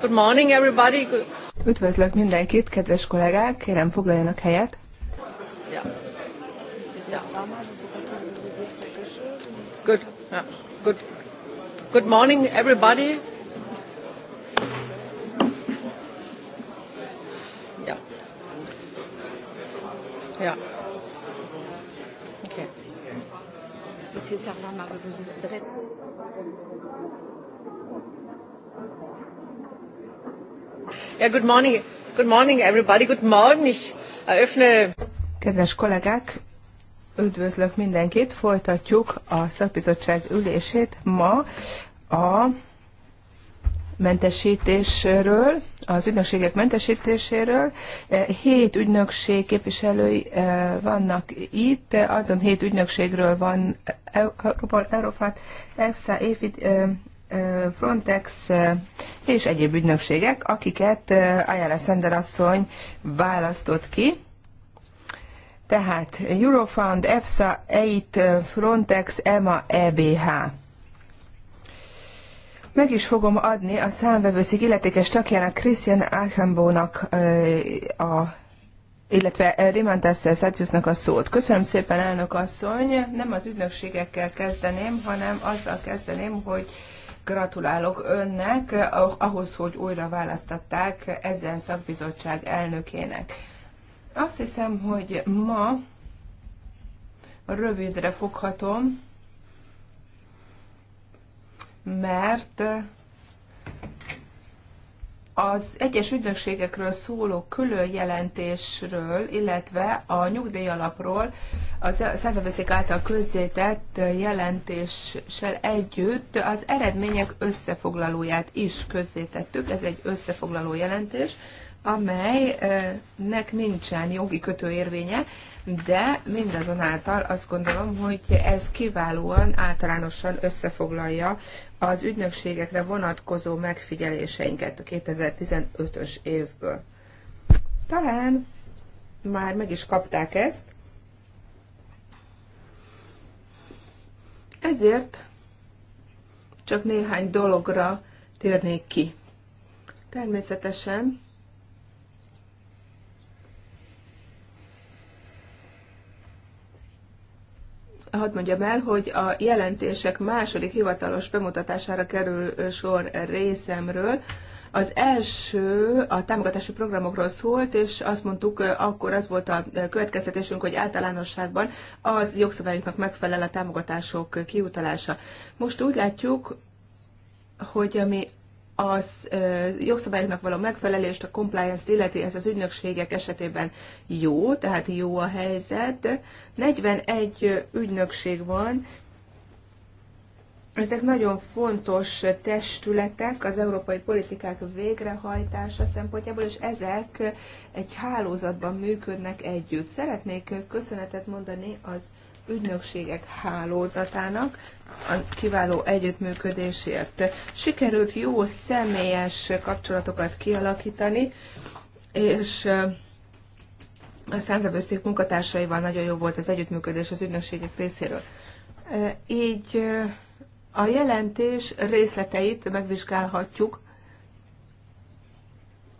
Good morning, everybody. Good. Üdvözlök mindenkit, kedves kollégák, kérem foglaljanak helyet. Good, good, good morning, everybody. Yeah. Yeah. Okay. Monsieur Sarvama, vous êtes... Yeah, good morning. Good morning everybody. Good morning. Ich eröffne... Kedves kollégák, üdvözlök mindenkit. Folytatjuk a szakbizottság ülését ma a mentesítésről, az ügynökségek mentesítéséről. Hét ügynökség képviselői eh, vannak itt, azon hét ügynökségről van eh, Eurofát, EFSA, EFID, eh, Frontex és egyéb ügynökségek, akiket Ayala Sender asszony választott ki. Tehát Eurofund, EFSA, EIT, Frontex, EMA, EBH. Meg is fogom adni a számvevőszik illetékes tagjának Christian Archambónak a illetve Rimantas Szátyusznak a szót. Köszönöm szépen, elnök asszony. Nem az ügynökségekkel kezdeném, hanem azzal kezdeném, hogy Gratulálok önnek ah, ahhoz, hogy újra választatták ezen szakbizottság elnökének. Azt hiszem, hogy ma rövidre foghatom, mert az egyes ügynökségekről szóló külön jelentésről, illetve a nyugdíjalapról a szervevőszék által közzétett jelentéssel együtt az eredmények összefoglalóját is közzétettük. Ez egy összefoglaló jelentés, amelynek nincsen jogi kötőérvénye, de mindazonáltal azt gondolom, hogy ez kiválóan általánosan összefoglalja az ügynökségekre vonatkozó megfigyeléseinket a 2015-ös évből. Talán már meg is kapták ezt, ezért csak néhány dologra térnék ki. Természetesen hadd mondjam el, hogy a jelentések második hivatalos bemutatására kerül sor részemről. Az első a támogatási programokról szólt, és azt mondtuk, akkor az volt a következtetésünk, hogy általánosságban az jogszabályoknak megfelel a támogatások kiutalása. Most úgy látjuk, hogy ami az jogszabályoknak való megfelelést, a compliance-t illeti, ez az ügynökségek esetében jó, tehát jó a helyzet. 41 ügynökség van, ezek nagyon fontos testületek az európai politikák végrehajtása szempontjából, és ezek egy hálózatban működnek együtt. Szeretnék köszönetet mondani az ügynökségek hálózatának a kiváló együttműködésért. Sikerült jó személyes kapcsolatokat kialakítani, és eh, a számvevőszék munkatársaival nagyon jó volt az együttműködés az ügynökségek részéről. Eh, így eh, a jelentés részleteit megvizsgálhatjuk,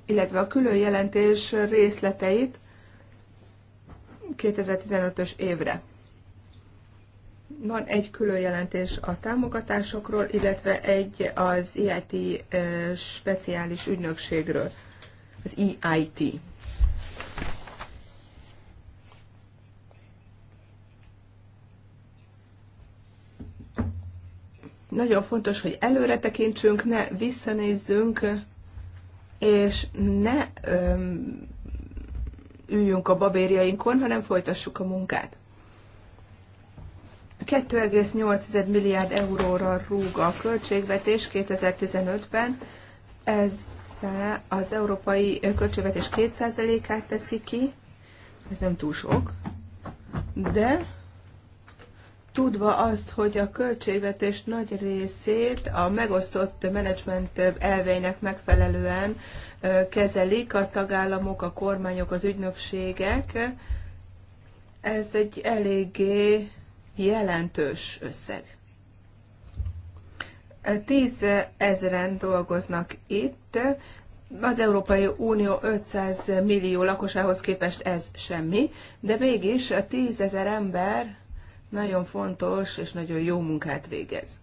illetve a külön jelentés részleteit 2015-ös évre. Van egy külön jelentés a támogatásokról, illetve egy az EIT speciális ügynökségről, az EIT. Nagyon fontos, hogy előre tekintsünk, ne visszanézzünk, és ne öm, üljünk a babérjainkon, hanem folytassuk a munkát. 2,8 milliárd euróra rúg a költségvetés 2015-ben, ez az európai költségvetés 2%-át teszi ki, ez nem túl sok, de tudva azt, hogy a költségvetés nagy részét a megosztott menedzsment elveinek megfelelően kezelik a tagállamok, a kormányok, az ügynökségek, ez egy eléggé jelentős összeg. ezeren dolgoznak itt, az Európai Unió 500 millió lakosához képest ez semmi, de mégis a tízezer ember nagyon fontos és nagyon jó munkát végez.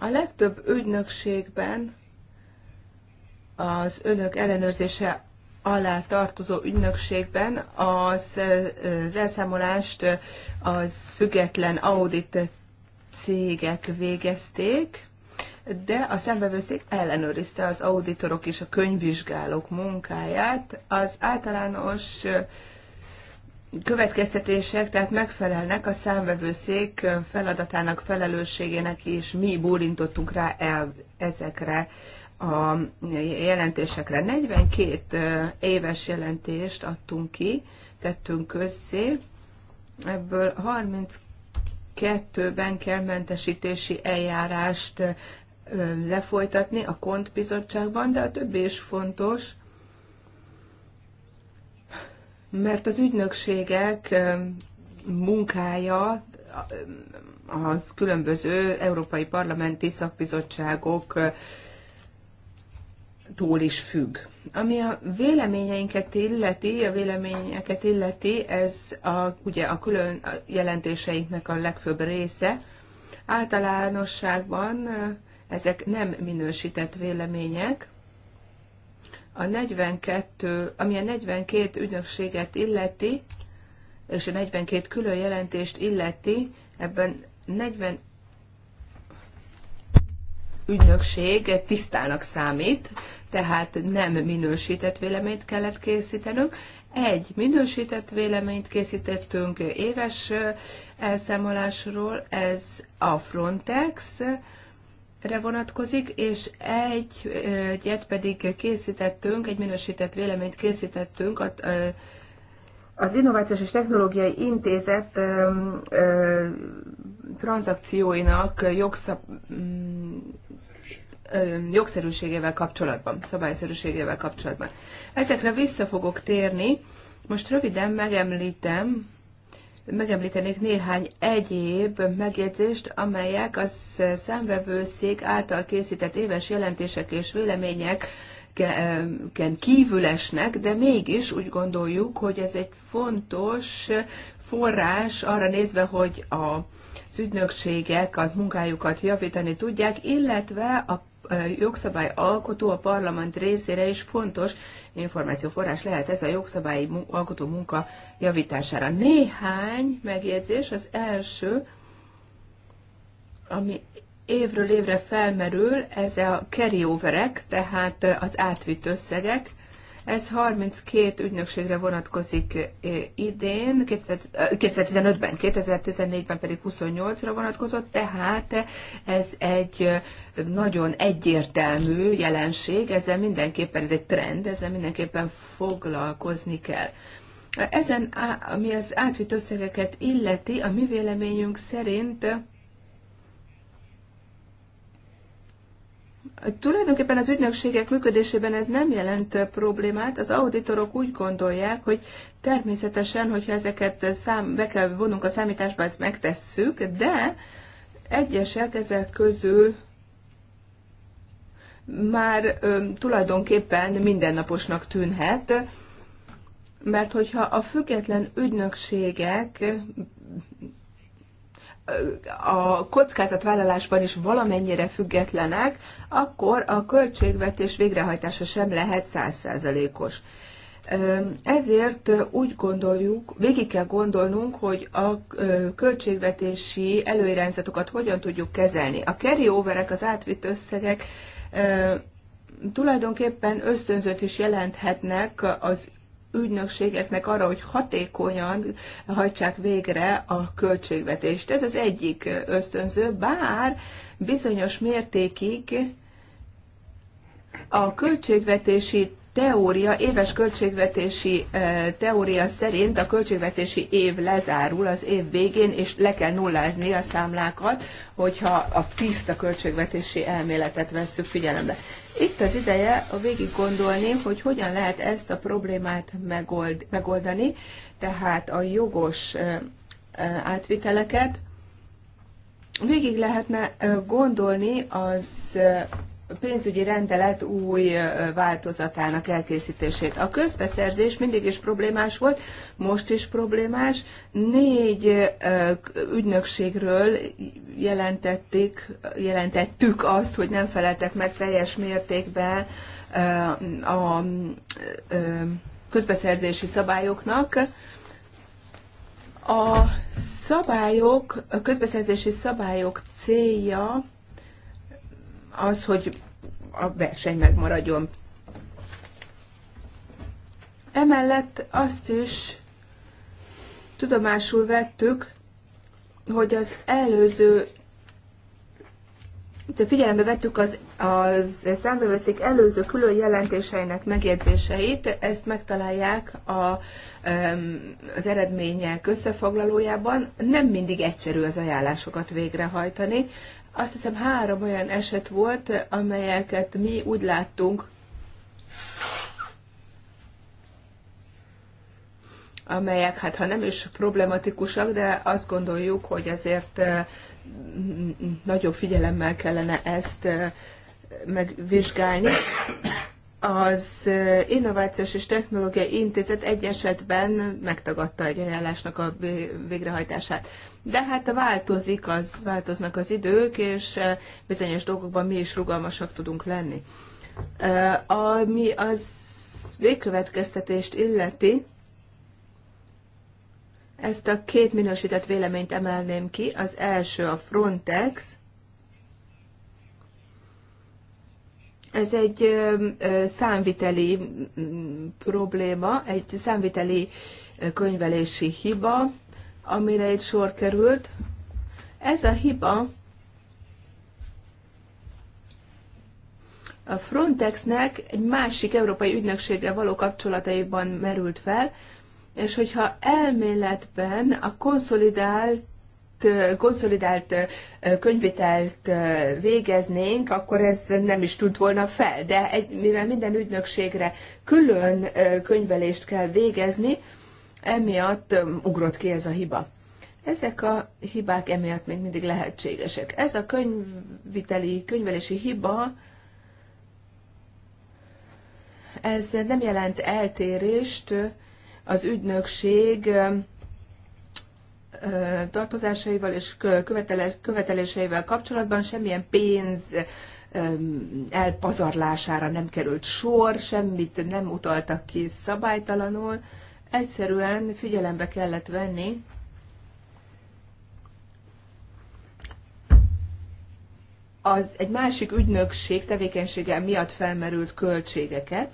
A legtöbb ügynökségben az önök ellenőrzése alá tartozó ügynökségben az, az elszámolást az független audit cégek végezték, de a szembevőszék ellenőrizte az auditorok és a könyvvizsgálók munkáját. Az általános következtetések tehát megfelelnek a számvevőszék feladatának, felelősségének, és mi bólintottunk rá el ezekre a jelentésekre. 42 éves jelentést adtunk ki, tettünk közzé, ebből 32-ben kell mentesítési eljárást lefolytatni a KONT bizottságban, de a többi is fontos, mert az ügynökségek munkája az különböző európai parlamenti szakbizottságok túl is függ. Ami a véleményeinket illeti, a véleményeket illeti, ez a, ugye a külön jelentéseinknek a legfőbb része. Általánosságban eh, ezek nem minősített vélemények. A 42, ami a 42 ügynökséget illeti, és a 42 külön jelentést illeti, ebben 40 ügynökség tisztának számít, tehát nem minősített véleményt kellett készítenünk. Egy minősített véleményt készítettünk éves elszámolásról, ez a Frontex, re vonatkozik, és egy, egyet pedig készítettünk, egy minősített véleményt készítettünk a, az Innovációs és Technológiai Intézet tranzakcióinak jogszab, mm, jogszerűségével kapcsolatban, szabályszerűségével kapcsolatban. Ezekre vissza fogok térni. Most röviden megemlítem, megemlítenék néhány egyéb megjegyzést, amelyek az számvevőszék által készített éves jelentések és vélemények kívülesnek, de mégis úgy gondoljuk, hogy ez egy fontos forrás arra nézve, hogy a az ügynökségek a munkájukat javítani tudják, illetve a jogszabály alkotó a parlament részére is fontos információforrás lehet ez a jogszabályi alkotó munka javítására. Néhány megjegyzés, az első, ami évről évre felmerül, ez a carryoverek, tehát az átvitt összegek, ez 32 ügynökségre vonatkozik eh, idén, 2015-ben, eh, 2014-ben pedig 28-ra vonatkozott, tehát ez egy eh, nagyon egyértelmű jelenség, ezzel mindenképpen, ez egy trend, ezzel mindenképpen foglalkozni kell. Ezen, ami az átvitt összegeket illeti, a mi véleményünk szerint Tulajdonképpen az ügynökségek működésében ez nem jelent problémát. Az auditorok úgy gondolják, hogy természetesen, hogyha ezeket szám, be kell vonunk a számításba, ezt megtesszük, de egyesek ezek közül már ö, tulajdonképpen mindennaposnak tűnhet, mert hogyha a független ügynökségek a kockázatvállalásban is valamennyire függetlenek, akkor a költségvetés végrehajtása sem lehet százszerzelékos. Ezért úgy gondoljuk, végig kell gondolnunk, hogy a költségvetési előirányzatokat hogyan tudjuk kezelni. A carryoverek, az átvitt összegek tulajdonképpen ösztönzőt is jelenthetnek az ügynökségeknek arra, hogy hatékonyan hajtsák végre a költségvetést. Ez az egyik ösztönző, bár bizonyos mértékig a költségvetési teória, éves költségvetési eh, teória szerint a költségvetési év lezárul az év végén, és le kell nullázni a számlákat, hogyha a tiszta költségvetési elméletet vesszük figyelembe. Itt az ideje a végig gondolni, hogy hogyan lehet ezt a problémát megold, megoldani, tehát a jogos eh, eh, átviteleket, végig lehetne gondolni az pénzügyi rendelet új változatának elkészítését. A közbeszerzés mindig is problémás volt, most is problémás. Négy ügynökségről jelentették, jelentettük azt, hogy nem feleltek meg teljes mértékben a közbeszerzési szabályoknak. A szabályok, a közbeszerzési szabályok célja az, hogy a verseny megmaradjon. Emellett azt is tudomásul vettük, hogy az előző, de figyelembe vettük az, az számbevőszék előző külön jelentéseinek megjegyzéseit, ezt megtalálják a, az eredmények összefoglalójában. Nem mindig egyszerű az ajánlásokat végrehajtani, azt hiszem három olyan eset volt, amelyeket mi úgy láttunk, amelyek, hát ha nem is problematikusak, de azt gondoljuk, hogy azért eh, nagyobb figyelemmel kellene ezt eh, megvizsgálni. Az eh, Innovációs és Technológiai Intézet egy esetben megtagadta egy ajánlásnak a végrehajtását de hát változik, az, változnak az idők, és eh, bizonyos dolgokban mi is rugalmasak tudunk lenni. Eh, ami az végkövetkeztetést illeti, ezt a két minősített véleményt emelném ki. Az első a Frontex. Ez egy eh, számviteli mm, mm, probléma, egy számviteli könyvelési hiba amire itt sor került. Ez a hiba a Frontexnek egy másik európai ügynökséggel való kapcsolataiban merült fel, és hogyha elméletben a konszolidált konszolidált könyvitelt végeznénk, akkor ez nem is tudt volna fel. De egy, mivel minden ügynökségre külön könyvelést kell végezni, emiatt ugrott ki ez a hiba. Ezek a hibák emiatt még mindig lehetségesek. Ez a könyviteli, könyvelési hiba, ez nem jelent eltérést az ügynökség tartozásaival és követeléseivel kapcsolatban semmilyen pénz elpazarlására nem került sor, semmit nem utaltak ki szabálytalanul Egyszerűen figyelembe kellett venni, az egy másik ügynökség tevékenysége miatt felmerült költségeket,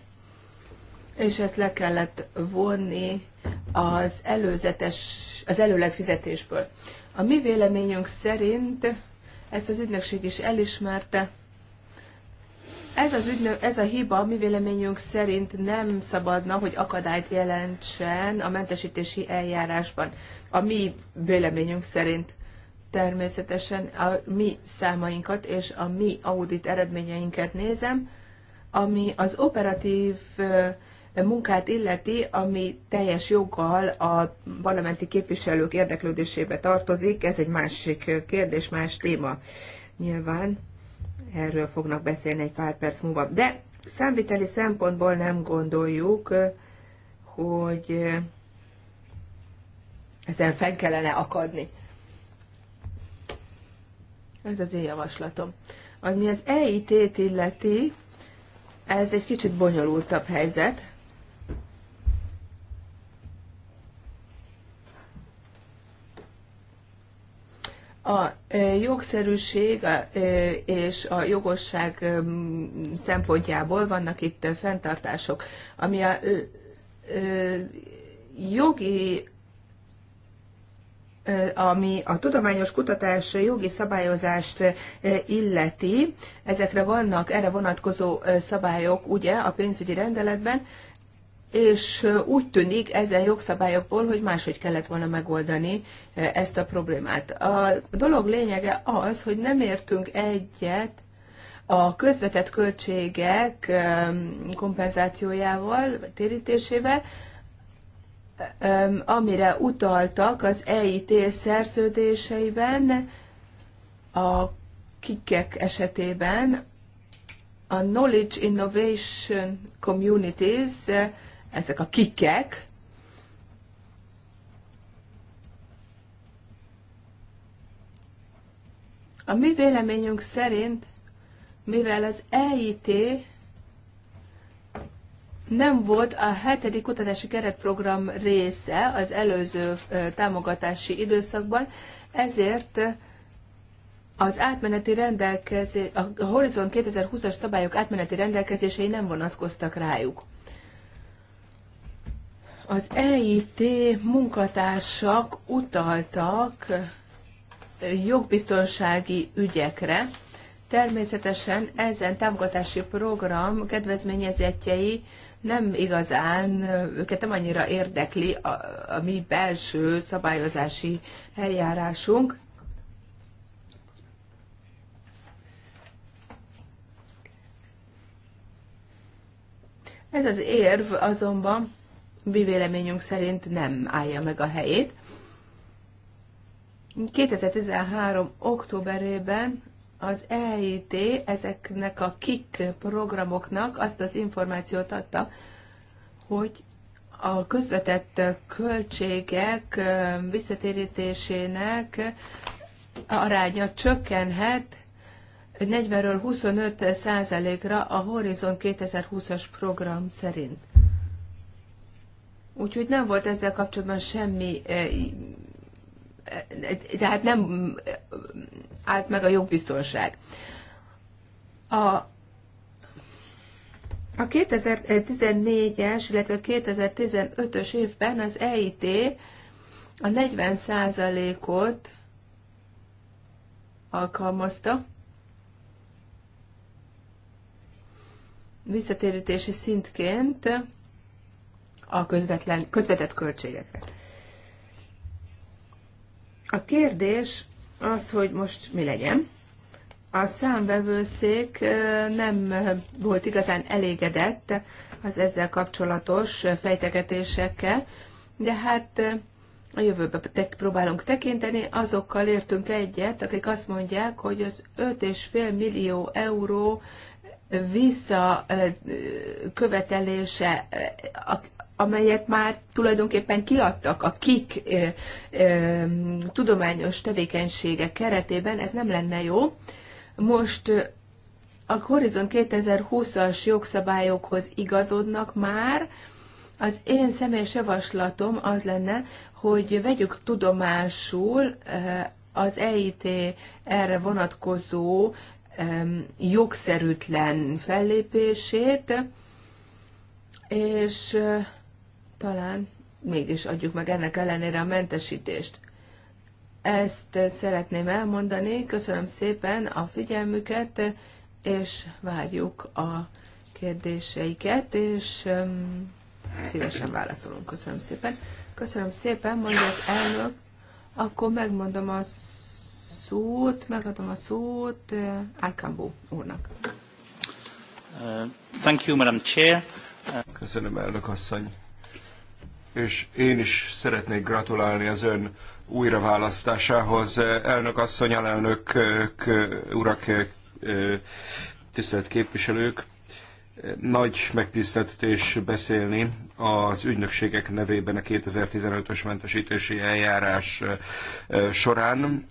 és ezt le kellett vonni az előzetes, az előleg fizetésből. A mi véleményünk szerint ezt az ügynökség is elismerte, ez, az ügynő, ez a hiba mi véleményünk szerint nem szabadna, hogy akadályt jelentsen a mentesítési eljárásban. A mi véleményünk szerint természetesen a mi számainkat és a mi audit eredményeinket nézem, ami az operatív munkát illeti, ami teljes joggal a parlamenti képviselők érdeklődésébe tartozik. Ez egy másik kérdés, más téma nyilván Erről fognak beszélni egy pár perc múlva. De számviteli szempontból nem gondoljuk, hogy ezen fenn kellene akadni. Ez az én javaslatom. Ami az EIT-t illeti, ez egy kicsit bonyolultabb helyzet, A e, jogszerűség e, és a jogosság e, szempontjából vannak itt fenntartások, ami a jogi ami a tudományos kutatás jogi szabályozást illeti, ezekre vannak erre vonatkozó szabályok, ugye, a pénzügyi rendeletben, és úgy tűnik ezen jogszabályokból, hogy máshogy kellett volna megoldani ezt a problémát. A dolog lényege az, hogy nem értünk egyet a közvetett költségek kompenzációjával, térítésével, amire utaltak az EIT szerződéseiben, a kikek esetében, a Knowledge Innovation Communities ezek a kikek, A mi véleményünk szerint, mivel az EIT nem volt a hetedik kutatási keretprogram része az előző támogatási időszakban, ezért az átmeneti rendelkezés, a Horizon 2020-as szabályok átmeneti rendelkezései nem vonatkoztak rájuk. Az EIT munkatársak utaltak jogbiztonsági ügyekre. Természetesen ezen támogatási program kedvezményezettjei nem igazán, őket nem annyira érdekli a, a mi belső szabályozási eljárásunk. Ez az érv azonban mi véleményünk szerint nem állja meg a helyét. 2013. októberében az EIT ezeknek a KIK programoknak azt az információt adta, hogy a közvetett költségek visszatérítésének aránya csökkenhet 40-ről 25 százalékra a Horizon 2020-as program szerint. Úgyhogy nem volt ezzel kapcsolatban semmi, tehát eh, eh, nem eh, állt meg a jogbiztonság. A a 2014-es, illetve 2015-ös évben az EIT a 40%-ot alkalmazta visszatérítési szintként a közvetlen, közvetett költségekre. A kérdés az, hogy most mi legyen. A számvevőszék nem volt igazán elégedett az ezzel kapcsolatos fejtegetésekkel, de hát a jövőbe próbálunk tekinteni, azokkal értünk egyet, akik azt mondják, hogy az 5,5 millió euró visszakövetelése amelyet már tulajdonképpen kiadtak a KIK e, e, tudományos tevékenysége keretében, ez nem lenne jó. Most a Horizon 2020-as jogszabályokhoz igazodnak már. Az én személyes javaslatom az lenne, hogy vegyük tudomásul az EIT erre vonatkozó jogszerűtlen fellépését, és talán mégis adjuk meg ennek ellenére a mentesítést. Ezt szeretném elmondani, köszönöm szépen a figyelmüket, és várjuk a kérdéseiket, és szívesen válaszolunk. Köszönöm szépen. Köszönöm szépen, mondja az elnök, akkor megmondom a szót, megadom a szót Arkambó úrnak. Uh, thank you, Madam Chair. Köszönöm, elnök asszony és én is szeretnék gratulálni az ön újraválasztásához. Elnök asszony, alelnök, urak, tisztelt képviselők, nagy megtiszteltetés beszélni az ügynökségek nevében a 2015-ös mentesítési eljárás során.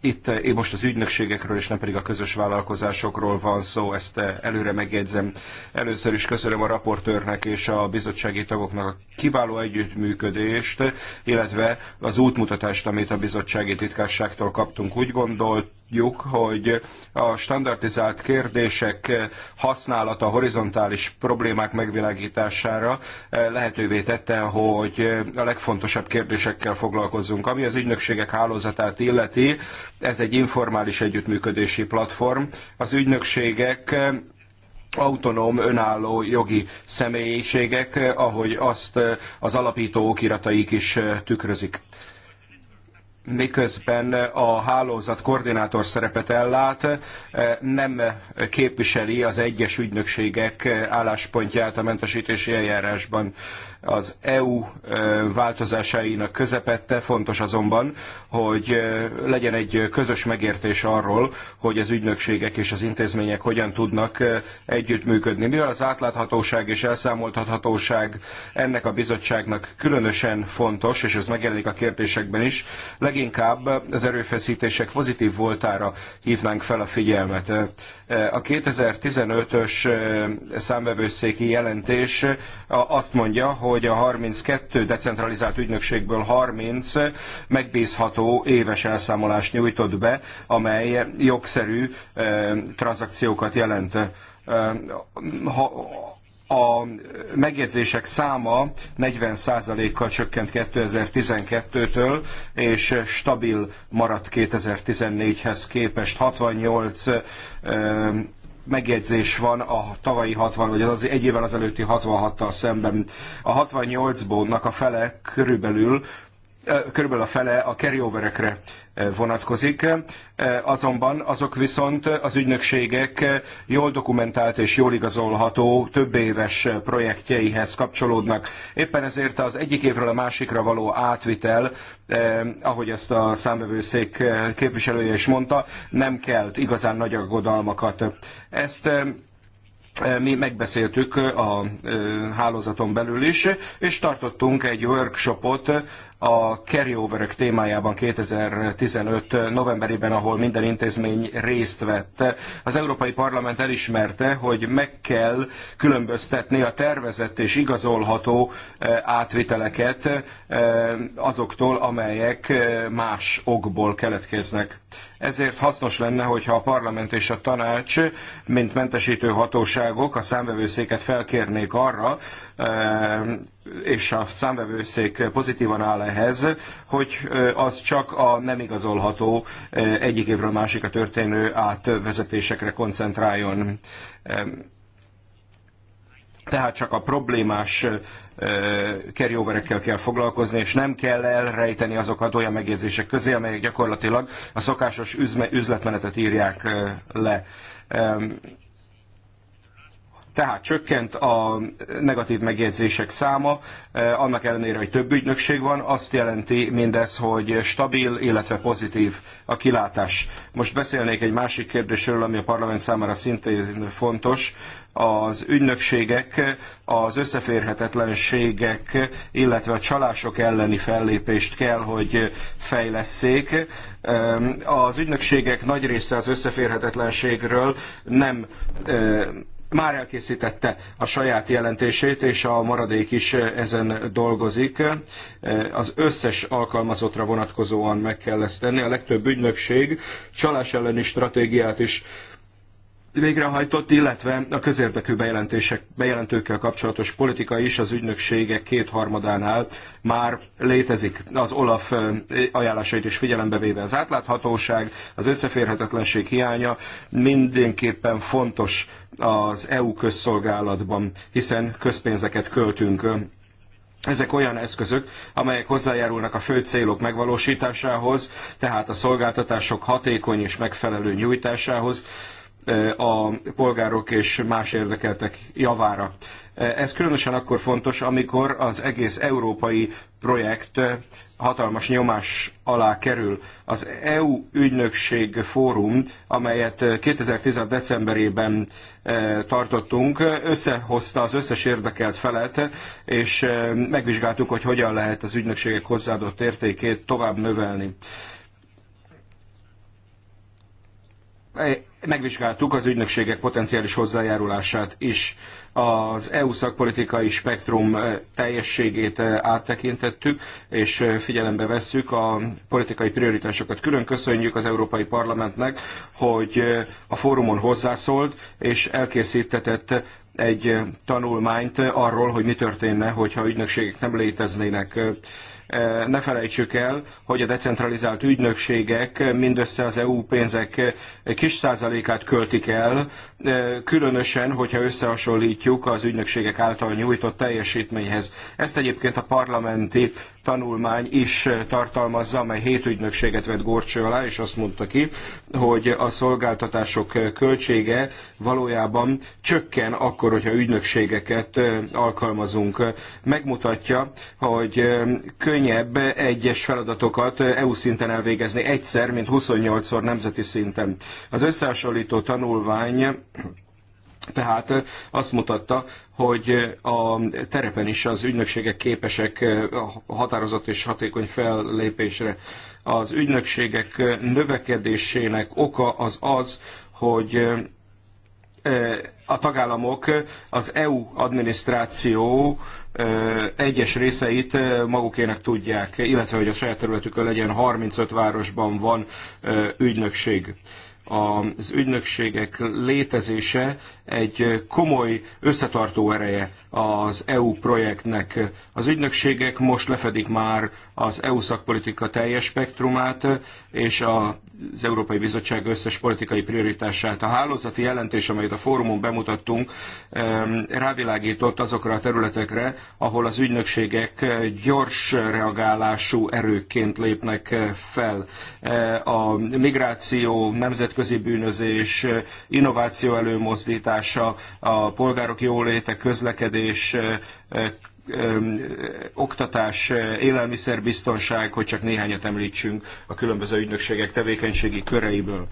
Itt én most az ügynökségekről és nem pedig a közös vállalkozásokról van szó, ezt előre megjegyzem. Először is köszönöm a raportőrnek és a bizottsági tagoknak a kiváló együttműködést, illetve az útmutatást, amit a bizottsági titkárságtól kaptunk. Úgy gondolt, hogy a standardizált kérdések használata horizontális problémák megvilágítására lehetővé tette, hogy a legfontosabb kérdésekkel foglalkozzunk. Ami az ügynökségek hálózatát illeti, ez egy informális együttműködési platform. Az ügynökségek autonóm, önálló jogi személyiségek, ahogy azt az alapító okirataik is tükrözik miközben a hálózat koordinátor szerepet ellát, eh, nem képviseli az egyes ügynökségek álláspontját a mentesítési eljárásban az EU változásainak közepette. Fontos azonban, hogy legyen egy közös megértés arról, hogy az ügynökségek és az intézmények hogyan tudnak együttműködni. Mivel az átláthatóság és elszámoltathatóság ennek a bizottságnak különösen fontos, és ez megjelenik a kérdésekben is, leginkább az erőfeszítések pozitív voltára hívnánk fel a figyelmet. A 2015-ös számvevőszéki jelentés azt mondja, hogy hogy a 32 decentralizált ügynökségből 30 megbízható éves elszámolást nyújtott be, amely jogszerű tranzakciókat jelent. Ha, a megjegyzések száma 40%-kal csökkent 2012-től, és stabil maradt 2014-hez képest. 68 megjegyzés van a tavalyi 60, vagy az egy évvel azelőtti 66-tal szemben. A 68-nak a fele körülbelül körülbelül a fele a carryoverekre vonatkozik, azonban azok viszont az ügynökségek jól dokumentált és jól igazolható több éves projektjeihez kapcsolódnak. Éppen ezért az egyik évről a másikra való átvitel, ahogy ezt a számvevőszék képviselője is mondta, nem kelt igazán nagy aggodalmakat. Ezt mi megbeszéltük a hálózaton belül is, és tartottunk egy workshopot a carryoverök témájában 2015 novemberében, ahol minden intézmény részt vett. Az Európai Parlament elismerte, hogy meg kell különböztetni a tervezett és igazolható e, átviteleket e, azoktól, amelyek e, más okból keletkeznek. Ezért hasznos lenne, hogyha a parlament és a tanács, mint mentesítő hatóságok a számvevőszéket felkérnék arra, Ehm, és a számvevőszék pozitívan áll ehhez, hogy az csak a nem igazolható egyik évről másikra történő átvezetésekre koncentráljon. Ehm, tehát csak a problémás carryoverekkel kell foglalkozni, és nem kell elrejteni azokat olyan megjegyzések közé, amelyek gyakorlatilag a szokásos üzme, üzletmenetet írják le. Ehm, tehát csökkent a negatív megjegyzések száma, eh, annak ellenére, hogy több ügynökség van, azt jelenti mindez, hogy stabil, illetve pozitív a kilátás. Most beszélnék egy másik kérdésről, ami a parlament számára szintén fontos, az ügynökségek az összeférhetetlenségek, illetve a csalások elleni fellépést kell, hogy fejlesszék. Az ügynökségek nagy része az összeférhetetlenségről nem eh, már elkészítette a saját jelentését, és a maradék is ezen dolgozik. Az összes alkalmazottra vonatkozóan meg kell ezt tenni. A legtöbb ügynökség csalás elleni stratégiát is végrehajtott, illetve a közérdekű bejelentések, bejelentőkkel kapcsolatos politika is az ügynökségek kétharmadánál már létezik. Az OLAF ajánlásait is figyelembe véve az átláthatóság, az összeférhetetlenség hiánya mindenképpen fontos az EU közszolgálatban, hiszen közpénzeket költünk ezek olyan eszközök, amelyek hozzájárulnak a fő célok megvalósításához, tehát a szolgáltatások hatékony és megfelelő nyújtásához, a polgárok és más érdekeltek javára. Ez különösen akkor fontos, amikor az egész európai projekt hatalmas nyomás alá kerül. Az EU ügynökség fórum, amelyet 2010. decemberében eh, tartottunk, összehozta az összes érdekelt felet, és eh, megvizsgáltuk, hogy hogyan lehet az ügynökségek hozzáadott értékét tovább növelni. Eh, megvizsgáltuk az ügynökségek potenciális hozzájárulását is. Az EU szakpolitikai spektrum eh, teljességét eh, áttekintettük, és figyelembe vesszük a politikai prioritásokat. Külön köszönjük az Európai Parlamentnek, hogy a fórumon hozzászólt, és elkészítetett egy tanulmányt arról, hogy mi történne, hogyha ügynökségek nem léteznének. E, ne felejtsük el, hogy a decentralizált ügynökségek mindössze az EU pénzek kis százalékát költik el, e, különösen, hogyha összehasonlítjuk az ügynökségek által nyújtott teljesítményhez. Ezt egyébként a parlamenti tanulmány is tartalmazza, amely hét ügynökséget vett górcső alá, és azt mondta ki, hogy a szolgáltatások költsége valójában csökken akkor, hogyha ügynökségeket alkalmazunk. Megmutatja, hogy könnyebb egyes feladatokat EU szinten elvégezni egyszer, mint 28-szor nemzeti szinten. Az összehasonlító tanulmány tehát azt mutatta, hogy a terepen is az ügynökségek képesek határozott és hatékony fellépésre. Az ügynökségek növekedésének oka az az, hogy a tagállamok az EU adminisztráció egyes részeit magukének tudják, illetve hogy a saját területükön legyen 35 városban van ügynökség az ügynökségek létezése egy komoly összetartó ereje az EU projektnek. Az ügynökségek most lefedik már az EU szakpolitika teljes spektrumát, és az Európai Bizottság összes politikai prioritását. A hálózati jelentés, amelyet a fórumon bemutattunk, rávilágított azokra a területekre, ahol az ügynökségek gyors reagálású erőként lépnek fel. A migráció, nemzetközi bűnözés, innováció előmozdítás, hatása a polgárok jóléte, közlekedés, oktatás, élelmiszerbiztonság, hogy csak néhányat említsünk a különböző ügynökségek tevékenységi köreiből.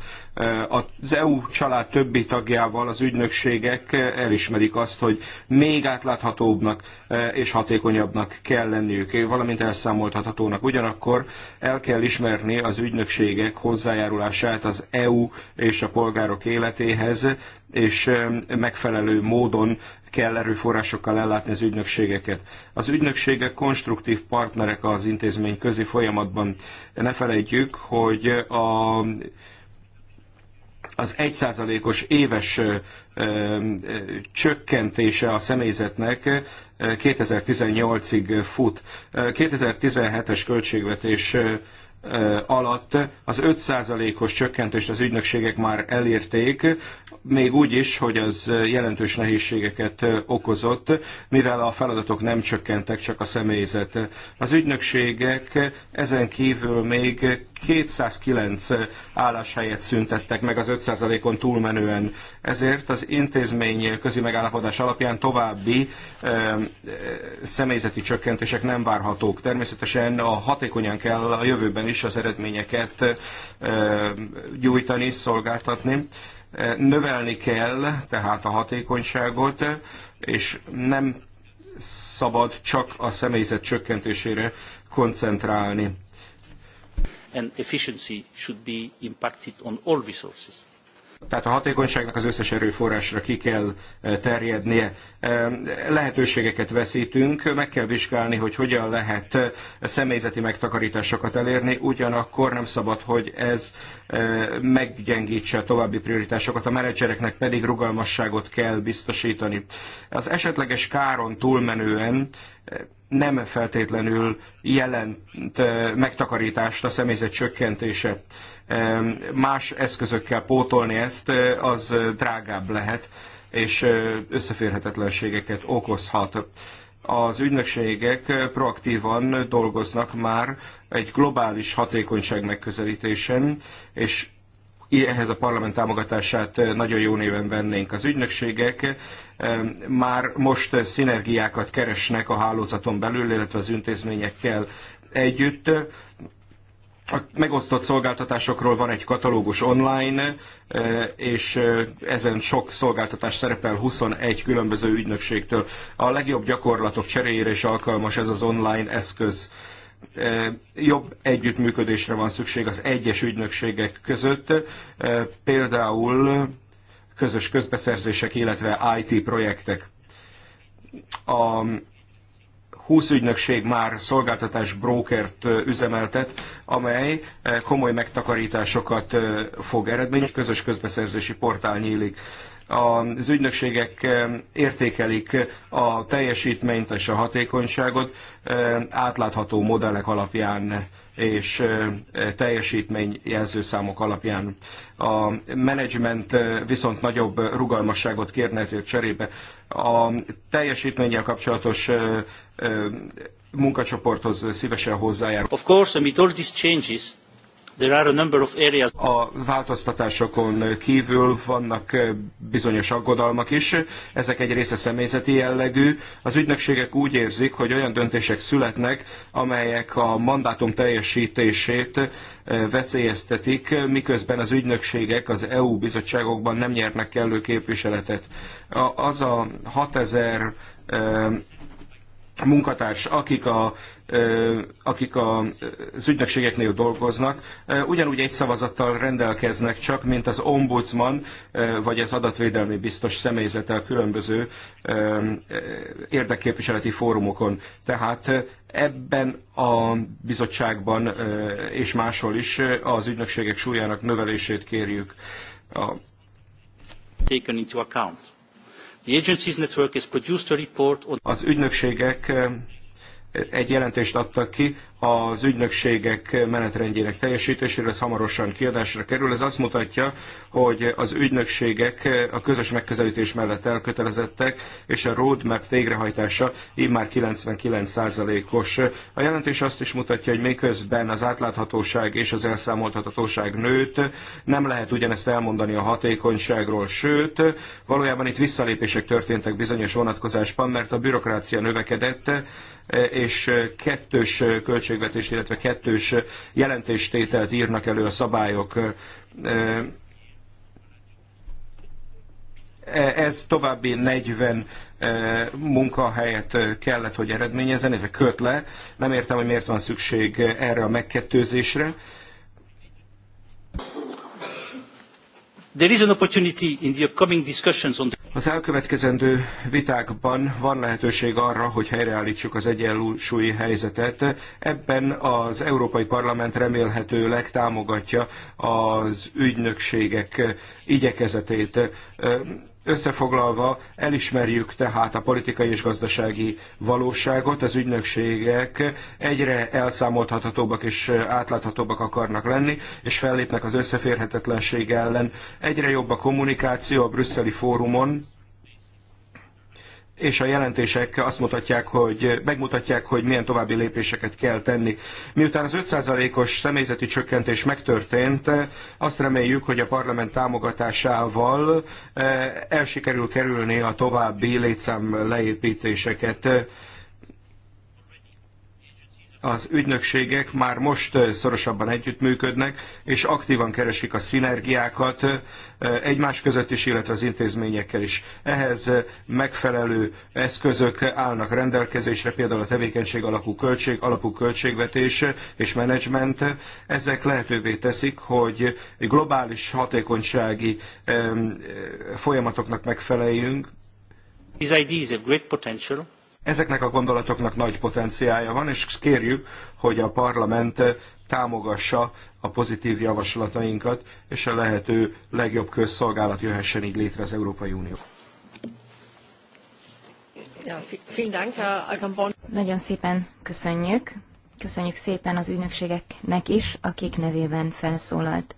Az EU család többi tagjával az ügynökségek elismerik azt, hogy még átláthatóbbnak és hatékonyabbnak kell lenniük, valamint elszámoltathatónak. Ugyanakkor el kell ismerni az ügynökségek hozzájárulását az EU és a polgárok életéhez, és megfelelő módon kell erőforrásokkal ellátni az ügynökségeket. Az ügynökségek konstruktív partnerek az intézmény közi folyamatban. Ne felejtjük, hogy a az 1%-os éves csökkentése a személyzetnek 2018-ig fut. 2017-es költségvetés Eh, alatt az 5%-os csökkentést az ügynökségek már elérték, még úgy is, hogy az jelentős nehézségeket eh, okozott, mivel a feladatok nem csökkentek, csak a személyzet. Az ügynökségek eh, ezen kívül még 209 álláshelyet szüntettek meg az 5%-on túlmenően. Ezért az intézmény közi megállapodás alapján további ö, személyzeti csökkentések nem várhatók. Természetesen a hatékonyan kell a jövőben is is az eredményeket gyújtani, szolgáltatni. Növelni kell tehát a hatékonyságot, és nem szabad csak a személyzet csökkentésére koncentrálni. And efficiency should be impacted on all resources. Tehát a hatékonyságnak az összes erőforrásra ki kell e, terjednie. E, lehetőségeket veszítünk, meg kell vizsgálni, hogy hogyan lehet e, személyzeti megtakarításokat elérni, ugyanakkor nem szabad, hogy ez meggyengítse a további prioritásokat, a menedzsereknek pedig rugalmasságot kell biztosítani. Az esetleges káron túlmenően nem feltétlenül jelent megtakarítást a személyzet csökkentése más eszközökkel pótolni ezt, az drágább lehet, és összeférhetetlenségeket okozhat. Az ügynökségek proaktívan dolgoznak már egy globális hatékonyság megközelítésen, és ehhez a parlament támogatását nagyon jó néven vennénk. Az ügynökségek már most szinergiákat keresnek a hálózaton belül, illetve az intézményekkel együtt a megosztott szolgáltatásokról van egy katalógus online, eh, és eh, ezen sok szolgáltatás szerepel 21 különböző ügynökségtől. A legjobb gyakorlatok cseréjére is alkalmas ez az online eszköz eh, jobb együttműködésre van szükség az egyes ügynökségek között, például közös közbeszerzések, illetve IT projektek. A 20 ügynökség már szolgáltatás brókert üzemeltet, amely komoly megtakarításokat fog eredmény, közös közbeszerzési portál nyílik az ügynökségek értékelik a teljesítményt és a hatékonyságot átlátható modellek alapján és teljesítmény jelzőszámok alapján. A menedzsment viszont nagyobb rugalmasságot kérne ezért cserébe. A teljesítménnyel kapcsolatos munkacsoporthoz szívesen hozzájárul. Of course, amid all these changes, a változtatásokon kívül vannak eh, bizonyos aggodalmak is, ezek egy része személyzeti jellegű. Az ügynökségek úgy érzik, hogy olyan döntések születnek, amelyek a mandátum teljesítését eh, veszélyeztetik, miközben az ügynökségek az EU bizottságokban nem nyernek kellő képviseletet. Az a 6000 munkatárs, akik, a, akik a, az ügynökségeknél dolgoznak, ugyanúgy egy szavazattal rendelkeznek csak, mint az ombudsman, vagy az adatvédelmi biztos személyzete a különböző érdekképviseleti fórumokon. Tehát ebben a bizottságban és máshol is az ügynökségek súlyának növelését kérjük. A... Taken into account az ügynökségek eh, egy jelentést adtak ki az ügynökségek menetrendjének teljesítésére, ez hamarosan kiadásra kerül. Ez azt mutatja, hogy az ügynökségek a közös megközelítés mellett elkötelezettek, és a roadmap végrehajtása már 99%-os. A jelentés azt is mutatja, hogy miközben az átláthatóság és az elszámoltathatóság nőtt, nem lehet ugyanezt elmondani a hatékonyságról, sőt, valójában itt visszalépések történtek bizonyos vonatkozásban, mert a bürokrácia növekedett, és kettős költség költségvetést, illetve kettős jelentéstételt írnak elő a szabályok. E, ez további 40 munkahelyet kellett, hogy eredményezzen, illetve köt le. Nem értem, hogy miért van szükség erre a megkettőzésre Az elkövetkezendő vitákban van lehetőség arra, hogy helyreállítsuk az egyensúlyi helyzetet. Ebben az Európai Parlament remélhetőleg támogatja az ügynökségek igyekezetét Összefoglalva elismerjük tehát a politikai és gazdasági valóságot, az ügynökségek egyre elszámolthatatóbbak és átláthatóbbak akarnak lenni, és fellépnek az összeférhetetlenség ellen. Egyre jobb a kommunikáció a brüsszeli fórumon, és a jelentések azt mutatják, hogy megmutatják, hogy milyen további lépéseket kell tenni. Miután az 5%-os személyzeti csökkentés megtörtént, azt reméljük, hogy a parlament támogatásával eh, el sikerül kerülni a további létszám leépítéseket az ügynökségek már most szorosabban együttműködnek, és aktívan keresik a szinergiákat egymás között is, illetve az intézményekkel is. Ehhez megfelelő eszközök állnak rendelkezésre, például a tevékenység alapú, költség, alapú költségvetés és menedzsment. Ezek lehetővé teszik, hogy globális hatékonysági folyamatoknak megfeleljünk. These ideas have great potential Ezeknek a gondolatoknak nagy potenciája van, és kérjük, hogy a parlament támogassa a pozitív javaslatainkat, és a lehető legjobb közszolgálat jöhessen így létre az Európai Unió. Nagyon szépen köszönjük. Köszönjük szépen az ügynökségeknek is, akik nevében felszólalt.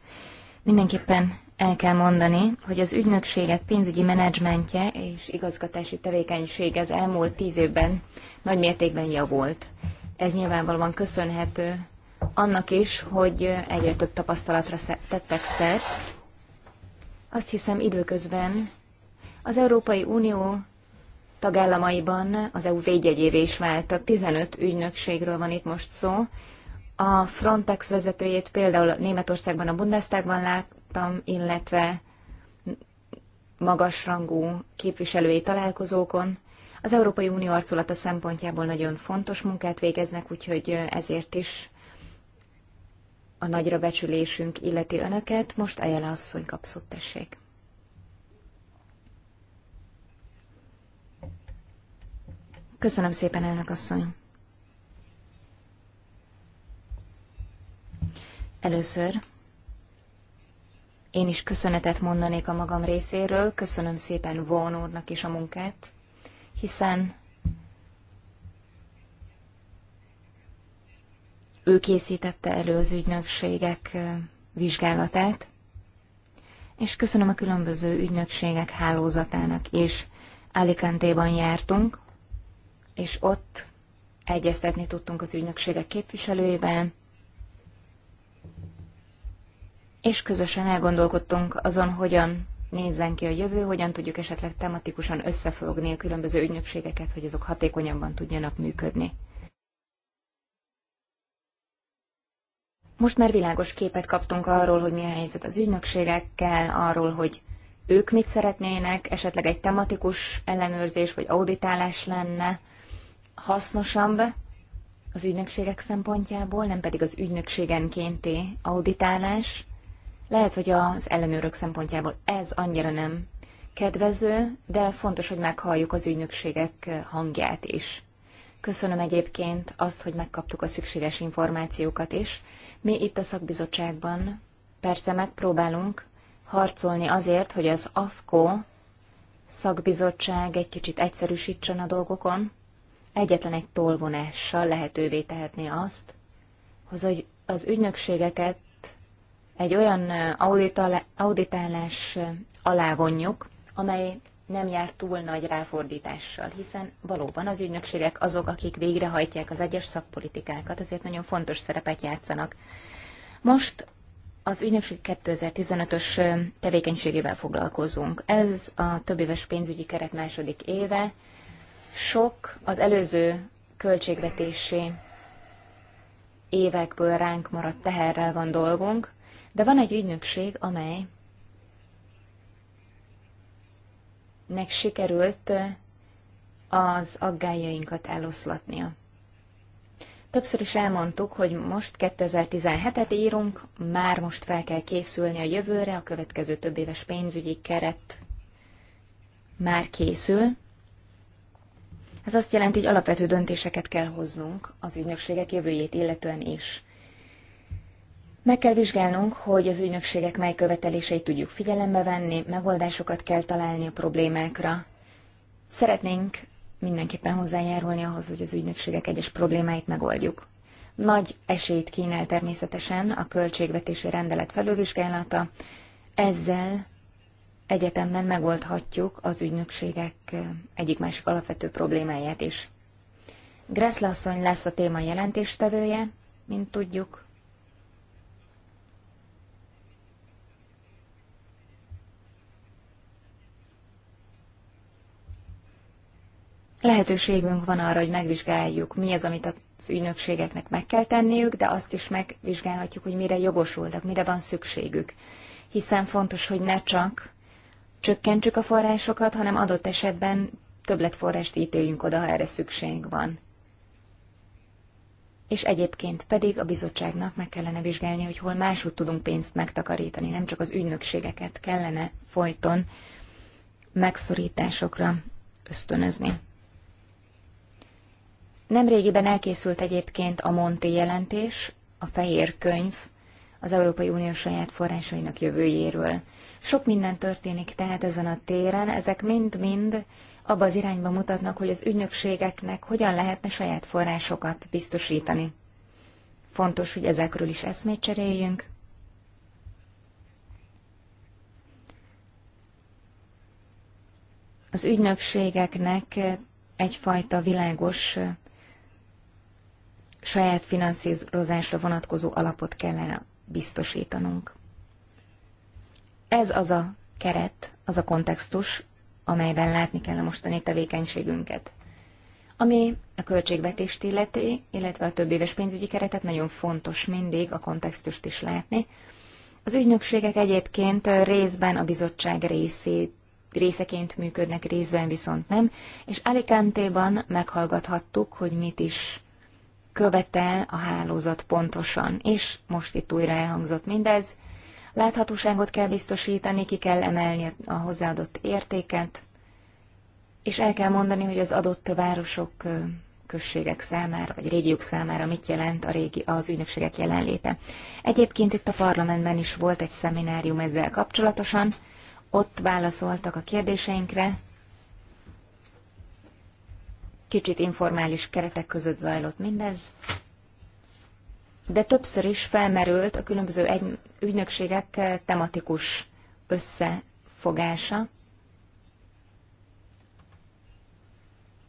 Mindenképpen el kell mondani, hogy az ügynökségek pénzügyi menedzsmentje és igazgatási tevékenysége az elmúlt tíz évben nagy mértékben javult. Ez nyilvánvalóan köszönhető annak is, hogy egyre több tapasztalatra tettek szert. Azt hiszem időközben az Európai Unió tagállamaiban az EU védjegyévé is váltak. 15 ügynökségről van itt most szó. A Frontex vezetőjét például Németországban a Bundestagban lát, láttam, illetve magasrangú képviselői találkozókon. Az Európai Unió arculata szempontjából nagyon fontos munkát végeznek, úgyhogy ezért is a nagyra becsülésünk illeti önöket. Most Ejele asszony kapszott, tessék. Köszönöm szépen, elnök asszony. Először én is köszönetet mondanék a magam részéről, köszönöm szépen Von úrnak is a munkát, hiszen ő készítette elő az ügynökségek vizsgálatát, és köszönöm a különböző ügynökségek hálózatának is. Alicante-ban jártunk, és ott egyeztetni tudtunk az ügynökségek képviselőjével, és közösen elgondolkodtunk azon, hogyan nézzen ki a jövő, hogyan tudjuk esetleg tematikusan összefogni a különböző ügynökségeket, hogy azok hatékonyabban tudjanak működni. Most már világos képet kaptunk arról, hogy mi a helyzet az ügynökségekkel, arról, hogy ők mit szeretnének, esetleg egy tematikus ellenőrzés vagy auditálás lenne hasznosabb az ügynökségek szempontjából, nem pedig az ügynökségenkénti auditálás. Lehet, hogy az ellenőrök szempontjából ez annyira nem kedvező, de fontos, hogy meghalljuk az ügynökségek hangját is. Köszönöm egyébként azt, hogy megkaptuk a szükséges információkat is. Mi itt a szakbizottságban persze megpróbálunk harcolni azért, hogy az AFKO szakbizottság egy kicsit egyszerűsítsen a dolgokon. Egyetlen egy tolvonással lehetővé tehetné azt, hogy az ügynökségeket egy olyan auditálás alá vonjuk, amely nem jár túl nagy ráfordítással, hiszen valóban az ügynökségek azok, akik végrehajtják az egyes szakpolitikákat, ezért nagyon fontos szerepet játszanak. Most az ügynökség 2015-ös tevékenységével foglalkozunk. Ez a többéves pénzügyi keret második éve. Sok az előző költségvetési évekből ránk maradt teherrel van dolgunk, de van egy ügynökség, amely nek sikerült az aggájainkat eloszlatnia. Többször is elmondtuk, hogy most 2017-et írunk, már most fel kell készülni a jövőre, a következő több éves pénzügyi keret már készül. Ez azt jelenti, hogy alapvető döntéseket kell hoznunk az ügynökségek jövőjét illetően is. Meg kell vizsgálnunk, hogy az ügynökségek mely követeléseit tudjuk figyelembe venni, megoldásokat kell találni a problémákra. Szeretnénk mindenképpen hozzájárulni ahhoz, hogy az ügynökségek egyes problémáit megoldjuk. Nagy esélyt kínál természetesen a költségvetési rendelet felülvizsgálata, ezzel egyetemben megoldhatjuk az ügynökségek egyik-másik alapvető problémáját is. Gressle asszony lesz a téma jelentéstevője, mint tudjuk, lehetőségünk van arra, hogy megvizsgáljuk, mi az, amit az ügynökségeknek meg kell tenniük, de azt is megvizsgálhatjuk, hogy mire jogosultak, mire van szükségük. Hiszen fontos, hogy ne csak csökkentsük a forrásokat, hanem adott esetben többletforrást ítéljünk oda, ha erre szükség van. És egyébként pedig a bizottságnak meg kellene vizsgálni, hogy hol máshogy tudunk pénzt megtakarítani, nem csak az ügynökségeket kellene folyton megszorításokra ösztönözni. Nemrégiben elkészült egyébként a Monti jelentés, a fehér könyv az Európai Unió saját forrásainak jövőjéről. Sok minden történik tehát ezen a téren, ezek mind-mind abba az irányba mutatnak, hogy az ügynökségeknek hogyan lehetne saját forrásokat biztosítani. Fontos, hogy ezekről is eszmét cseréljünk. Az ügynökségeknek egyfajta világos saját finanszírozásra vonatkozó alapot kellene biztosítanunk. Ez az a keret, az a kontextus, amelyben látni kell a mostani tevékenységünket. Ami a költségvetést illeti, illetve a több éves pénzügyi keretet nagyon fontos mindig a kontextust is látni. Az ügynökségek egyébként részben a bizottság részét részeként működnek, részben viszont nem, és Alicante-ban meghallgathattuk, hogy mit is követel a hálózat pontosan, és most itt újra elhangzott mindez. Láthatóságot kell biztosítani, ki kell emelni a hozzáadott értéket, és el kell mondani, hogy az adott városok, községek számára, vagy régiók számára mit jelent a régi, az ügynökségek jelenléte. Egyébként itt a parlamentben is volt egy szeminárium ezzel kapcsolatosan, ott válaszoltak a kérdéseinkre, Kicsit informális keretek között zajlott mindez, de többször is felmerült a különböző egy, ügynökségek tematikus összefogása,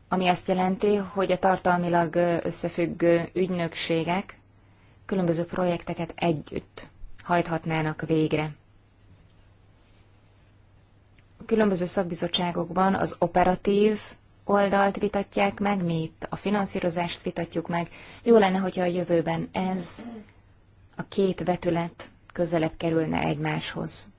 ami azt jelenti, hogy a tartalmilag összefüggő ügynökségek különböző projekteket együtt hajthatnának végre. A különböző szakbizottságokban az operatív oldalt vitatják meg, mi itt a finanszírozást vitatjuk meg. Jó lenne, hogyha a jövőben ez a két vetület közelebb kerülne egymáshoz.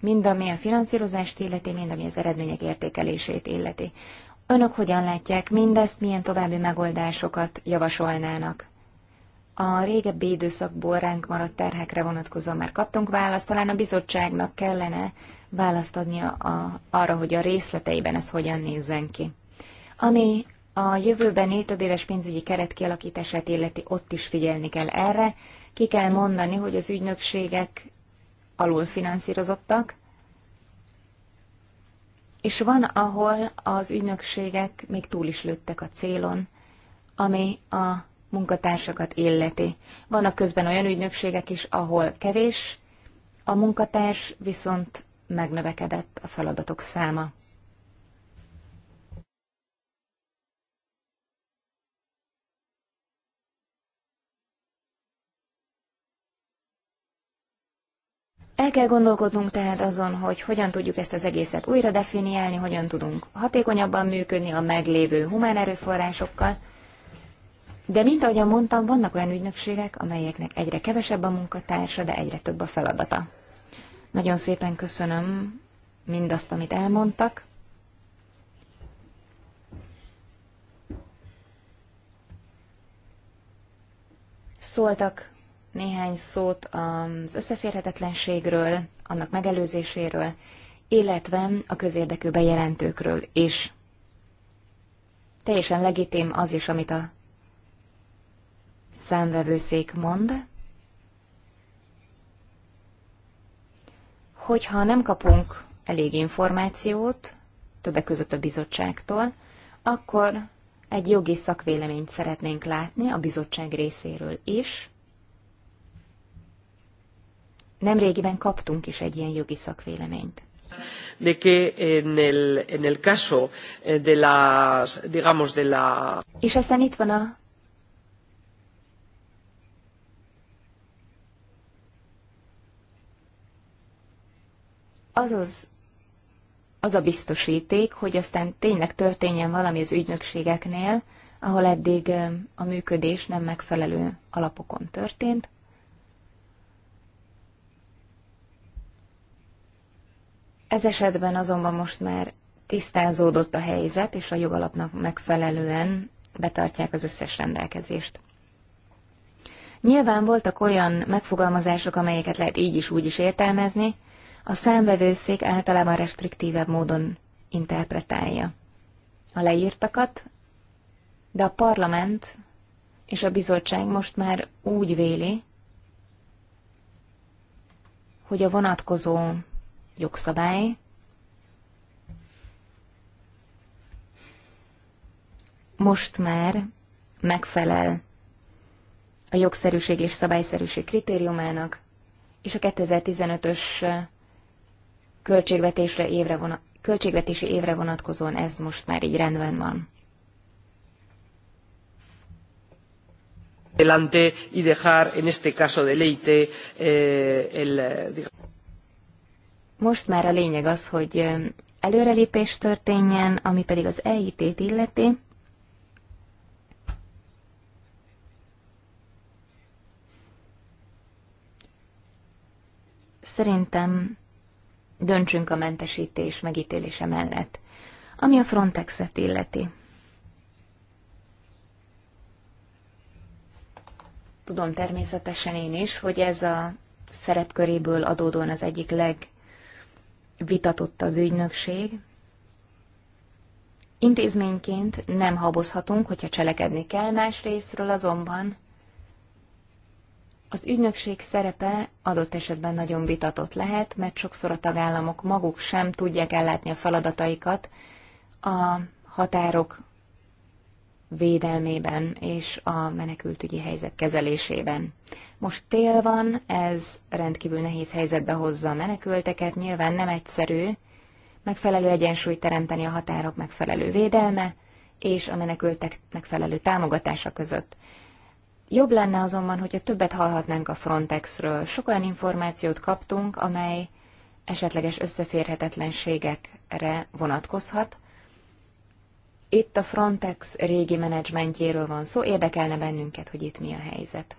Mind ami a finanszírozást illeti, mind ami az eredmények értékelését illeti. Önök hogyan látják mindezt, milyen további megoldásokat javasolnának? A régebbi időszakból ránk maradt terhekre vonatkozóan már kaptunk választ, talán a bizottságnak kellene választ adnia a, arra, hogy a részleteiben ez hogyan nézzen ki. Ami a jövőbeni több éves pénzügyi keret kialakítását illeti, ott is figyelni kell erre. Ki kell mondani, hogy az ügynökségek alulfinanszírozottak, és van, ahol az ügynökségek még túl is lőttek a célon, ami a munkatársakat illeti. Vannak közben olyan ügynökségek is, ahol kevés a munkatárs, viszont megnövekedett a feladatok száma. El kell gondolkodnunk tehát azon, hogy hogyan tudjuk ezt az egészet újra definiálni, hogyan tudunk hatékonyabban működni a meglévő humán erőforrásokkal, de mint ahogyan mondtam, vannak olyan ügynökségek, amelyeknek egyre kevesebb a munkatársa, de egyre több a feladata. Nagyon szépen köszönöm mindazt, amit elmondtak. Szóltak néhány szót az összeférhetetlenségről, annak megelőzéséről, illetve a közérdekű bejelentőkről is. Teljesen legitim az is, amit a számvevőszék mond, hogyha nem kapunk elég információt, többek között a bizottságtól, akkor egy jogi szakvéleményt szeretnénk látni a bizottság részéről is. Nemrégiben kaptunk is egy ilyen jogi szakvéleményt. De que en el, en el caso eh, de las, digamos, de la... És aztán itt van a az az, az a biztosíték, hogy aztán tényleg történjen valami az ügynökségeknél, ahol eddig a működés nem megfelelő alapokon történt. Ez esetben azonban most már tisztázódott a helyzet, és a jogalapnak megfelelően betartják az összes rendelkezést. Nyilván voltak olyan megfogalmazások, amelyeket lehet így is úgy is értelmezni, a számvevőszék általában restriktívebb módon interpretálja a leírtakat, de a parlament és a bizottság most már úgy véli, hogy a vonatkozó jogszabály most már megfelel a jogszerűség és szabályszerűség kritériumának, és a 2015-ös költségvetésre évre vonat, költségvetési évre vonatkozóan ez most már így rendben van. Delante y dejar en este caso de leite eh, el, eh, most már a lényeg az, hogy eh, előrelépés történjen, ami pedig az EIT-t illeti. Szerintem döntsünk a mentesítés megítélése mellett. Ami a Frontexet illeti. Tudom természetesen én is, hogy ez a szerepköréből adódóan az egyik legvitatottabb ügynökség. Intézményként nem habozhatunk, hogyha cselekedni kell, másrésztről azonban az ügynökség szerepe adott esetben nagyon vitatott lehet, mert sokszor a tagállamok maguk sem tudják ellátni a feladataikat a határok védelmében és a menekültügyi helyzet kezelésében. Most tél van, ez rendkívül nehéz helyzetbe hozza a menekülteket, nyilván nem egyszerű megfelelő egyensúlyt teremteni a határok megfelelő védelme és a menekültek megfelelő támogatása között. Jobb lenne azonban, hogyha többet hallhatnánk a Frontexről. Sok olyan információt kaptunk, amely esetleges összeférhetetlenségekre vonatkozhat. Itt a Frontex régi menedzsmentjéről van szó, érdekelne bennünket, hogy itt mi a helyzet.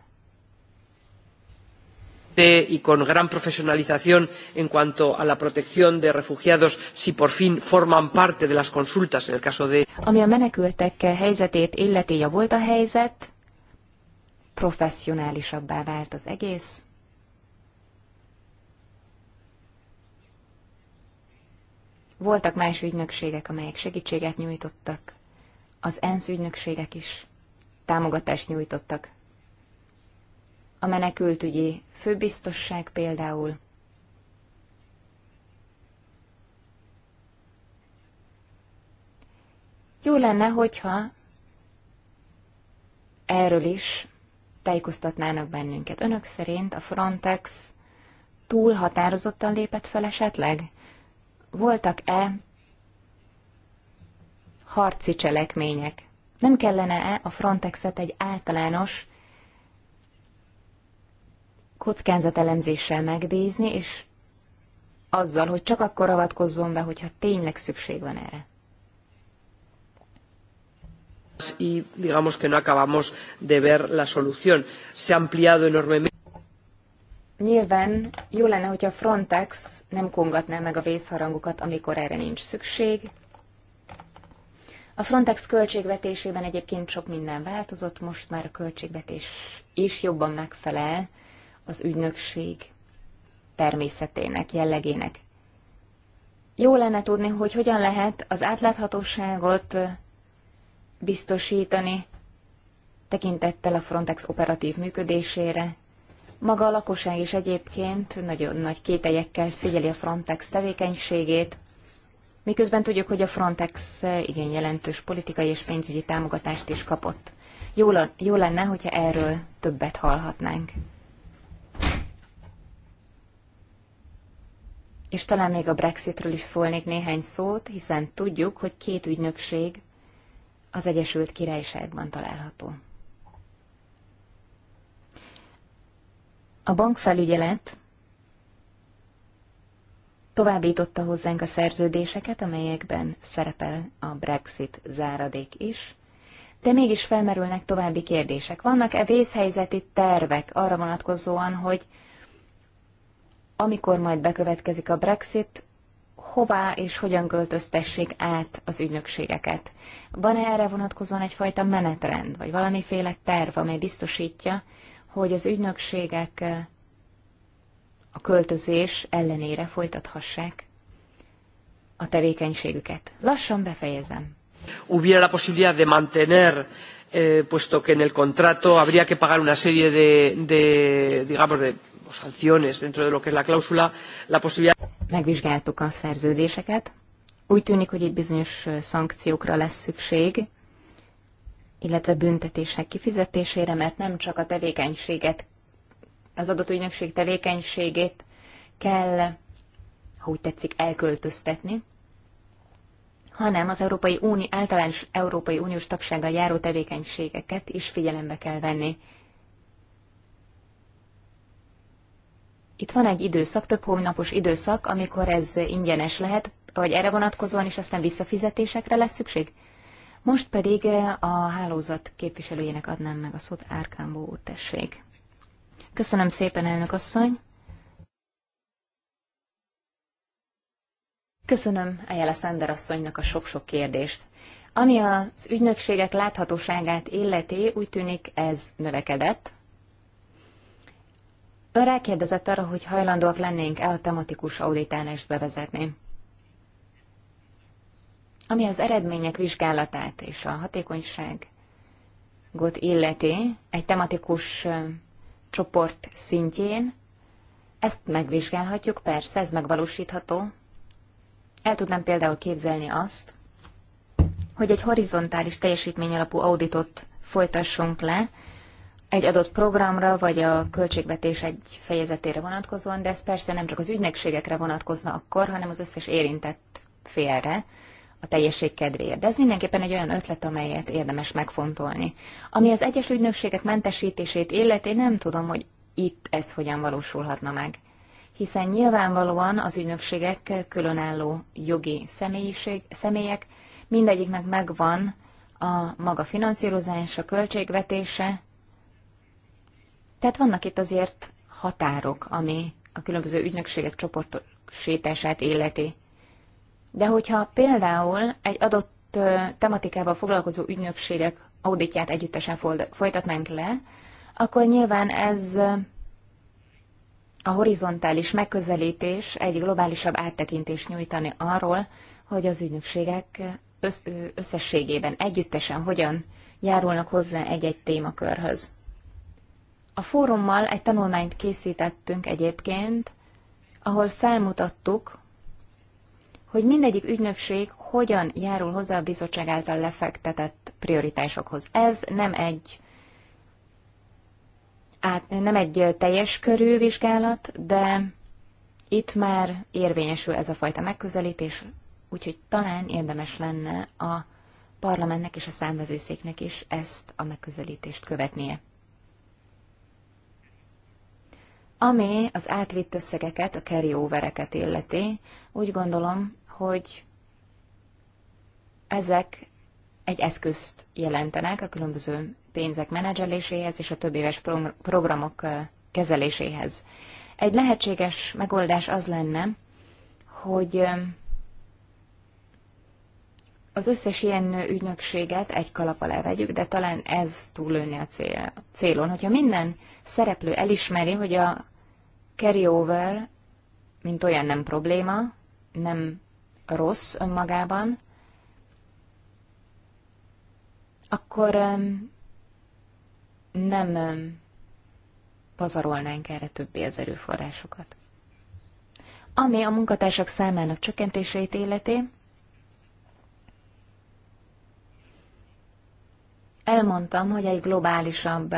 y con gran profesionalización en cuanto a la protección de refugiados si por fin forman parte de las consultas en el caso de. Ami a menekültek helyzetét illeti a volt a helyzet, professzionálisabbá vált az egész. Voltak más ügynökségek, amelyek segítséget nyújtottak, az ENSZ ügynökségek is támogatást nyújtottak. A menekültügyi főbiztosság például, Jó lenne, hogyha erről is tájékoztatnának bennünket. Önök szerint a Frontex túl határozottan lépett fel esetleg? Voltak-e harci cselekmények? Nem kellene-e a Frontexet egy általános kockázatelemzéssel megbízni, és azzal, hogy csak akkor avatkozzon be, hogyha tényleg szükség van erre? y digamos que no acabamos de ver la solución. Se ha ampliado enormemente. Nyilván jó lenne, hogyha Frontex nem kongatná meg a vészharangokat, amikor erre nincs szükség. A Frontex költségvetésében egyébként sok minden változott, most már a költségvetés is jobban megfelel az ügynökség természetének, jellegének. Jó lenne tudni, hogy hogyan lehet az átláthatóságot biztosítani, tekintettel a Frontex operatív működésére. Maga a lakosság is egyébként nagyon nagy kételyekkel figyeli a Frontex tevékenységét, miközben tudjuk, hogy a Frontex igen jelentős politikai és pénzügyi támogatást is kapott. Jó, jó lenne, hogyha erről többet hallhatnánk. És talán még a Brexitről is szólnék néhány szót, hiszen tudjuk, hogy két ügynökség az Egyesült Királyságban található. A bankfelügyelet továbbította hozzánk a szerződéseket, amelyekben szerepel a Brexit záradék is, de mégis felmerülnek további kérdések. Vannak-e vészhelyzeti tervek arra vonatkozóan, hogy amikor majd bekövetkezik a Brexit, hová és hogyan költöztessék át az ügynökségeket. Van-e erre vonatkozóan egyfajta menetrend, vagy valamiféle terv, amely biztosítja, hogy az ügynökségek eh, a költözés ellenére folytathassák a tevékenységüket. Lassan befejezem. Hubiera la posibilidad de mantener, eh, puesto que en el contrato habría que pagar una serie de, de digamos, de sanciones dentro de lo que es la cláusula, la posibilidad... Megvizsgáltuk a szerződéseket. Úgy tűnik, hogy itt bizonyos szankciókra lesz szükség, illetve büntetések kifizetésére, mert nem csak a tevékenységet, az adott ügynökség tevékenységét kell, ha úgy tetszik, elköltöztetni, hanem az Európai Unió, általános Európai Uniós tagsággal járó tevékenységeket is figyelembe kell venni. itt van egy időszak, több hónapos időszak, amikor ez ingyenes lehet, vagy erre vonatkozóan és aztán visszafizetésekre lesz szükség? Most pedig eh, a hálózat képviselőjének adnám meg a szót Árkámbó úr, tessék. Köszönöm szépen, elnök asszony. Köszönöm a Szender asszonynak a sok-sok kérdést. Ami az ügynökségek láthatóságát illeti, úgy tűnik ez növekedett, Ön rákérdezett arra, hogy hajlandóak lennénk el a tematikus auditálást bevezetni. Ami az eredmények vizsgálatát és a hatékonyságot illeti egy tematikus csoport szintjén, ezt megvizsgálhatjuk, persze, ez megvalósítható. El tudnám például képzelni azt, hogy egy horizontális teljesítményalapú auditot folytassunk le, egy adott programra, vagy a költségvetés egy fejezetére vonatkozóan, de ez persze nem csak az ügynökségekre vonatkozna akkor, hanem az összes érintett félre, a teljesség kedvéért. De ez mindenképpen egy olyan ötlet, amelyet érdemes megfontolni. Ami az egyes ügynökségek mentesítését illeti, nem tudom, hogy itt ez hogyan valósulhatna meg. Hiszen nyilvánvalóan az ügynökségek különálló jogi személyiség, személyek, mindegyiknek megvan a maga finanszírozása, költségvetése, tehát vannak itt azért határok, ami a különböző ügynökségek csoportosítását életi, De hogyha például egy adott tematikával foglalkozó ügynökségek auditját együttesen folytatnánk le, akkor nyilván ez a horizontális megközelítés egy globálisabb áttekintést nyújtani arról, hogy az ügynökségek összességében, együttesen hogyan járulnak hozzá egy-egy témakörhöz. A fórummal egy tanulmányt készítettünk egyébként, ahol felmutattuk, hogy mindegyik ügynökség hogyan járul hozzá a bizottság által lefektetett prioritásokhoz. Ez nem egy át, nem egy teljes körű vizsgálat, de itt már érvényesül ez a fajta megközelítés, úgyhogy talán érdemes lenne a parlamentnek és a számvevőszéknek is ezt a megközelítést követnie. Ami az átvitt összegeket, a carry-overeket illeti, úgy gondolom, hogy ezek egy eszközt jelentenek a különböző pénzek menedzseléséhez és a több éves programok kezeléséhez. Egy lehetséges megoldás az lenne, hogy az összes ilyen ügynökséget egy kalap alá vegyük, de talán ez túllőni a cél, célon. Hogyha minden szereplő elismeri, hogy a carryover, mint olyan nem probléma, nem rossz önmagában, akkor nem pazarolnánk erre többé az erőforrásokat. Ami a munkatársak számának csökkentéseit életé, Elmondtam, hogy egy globálisabb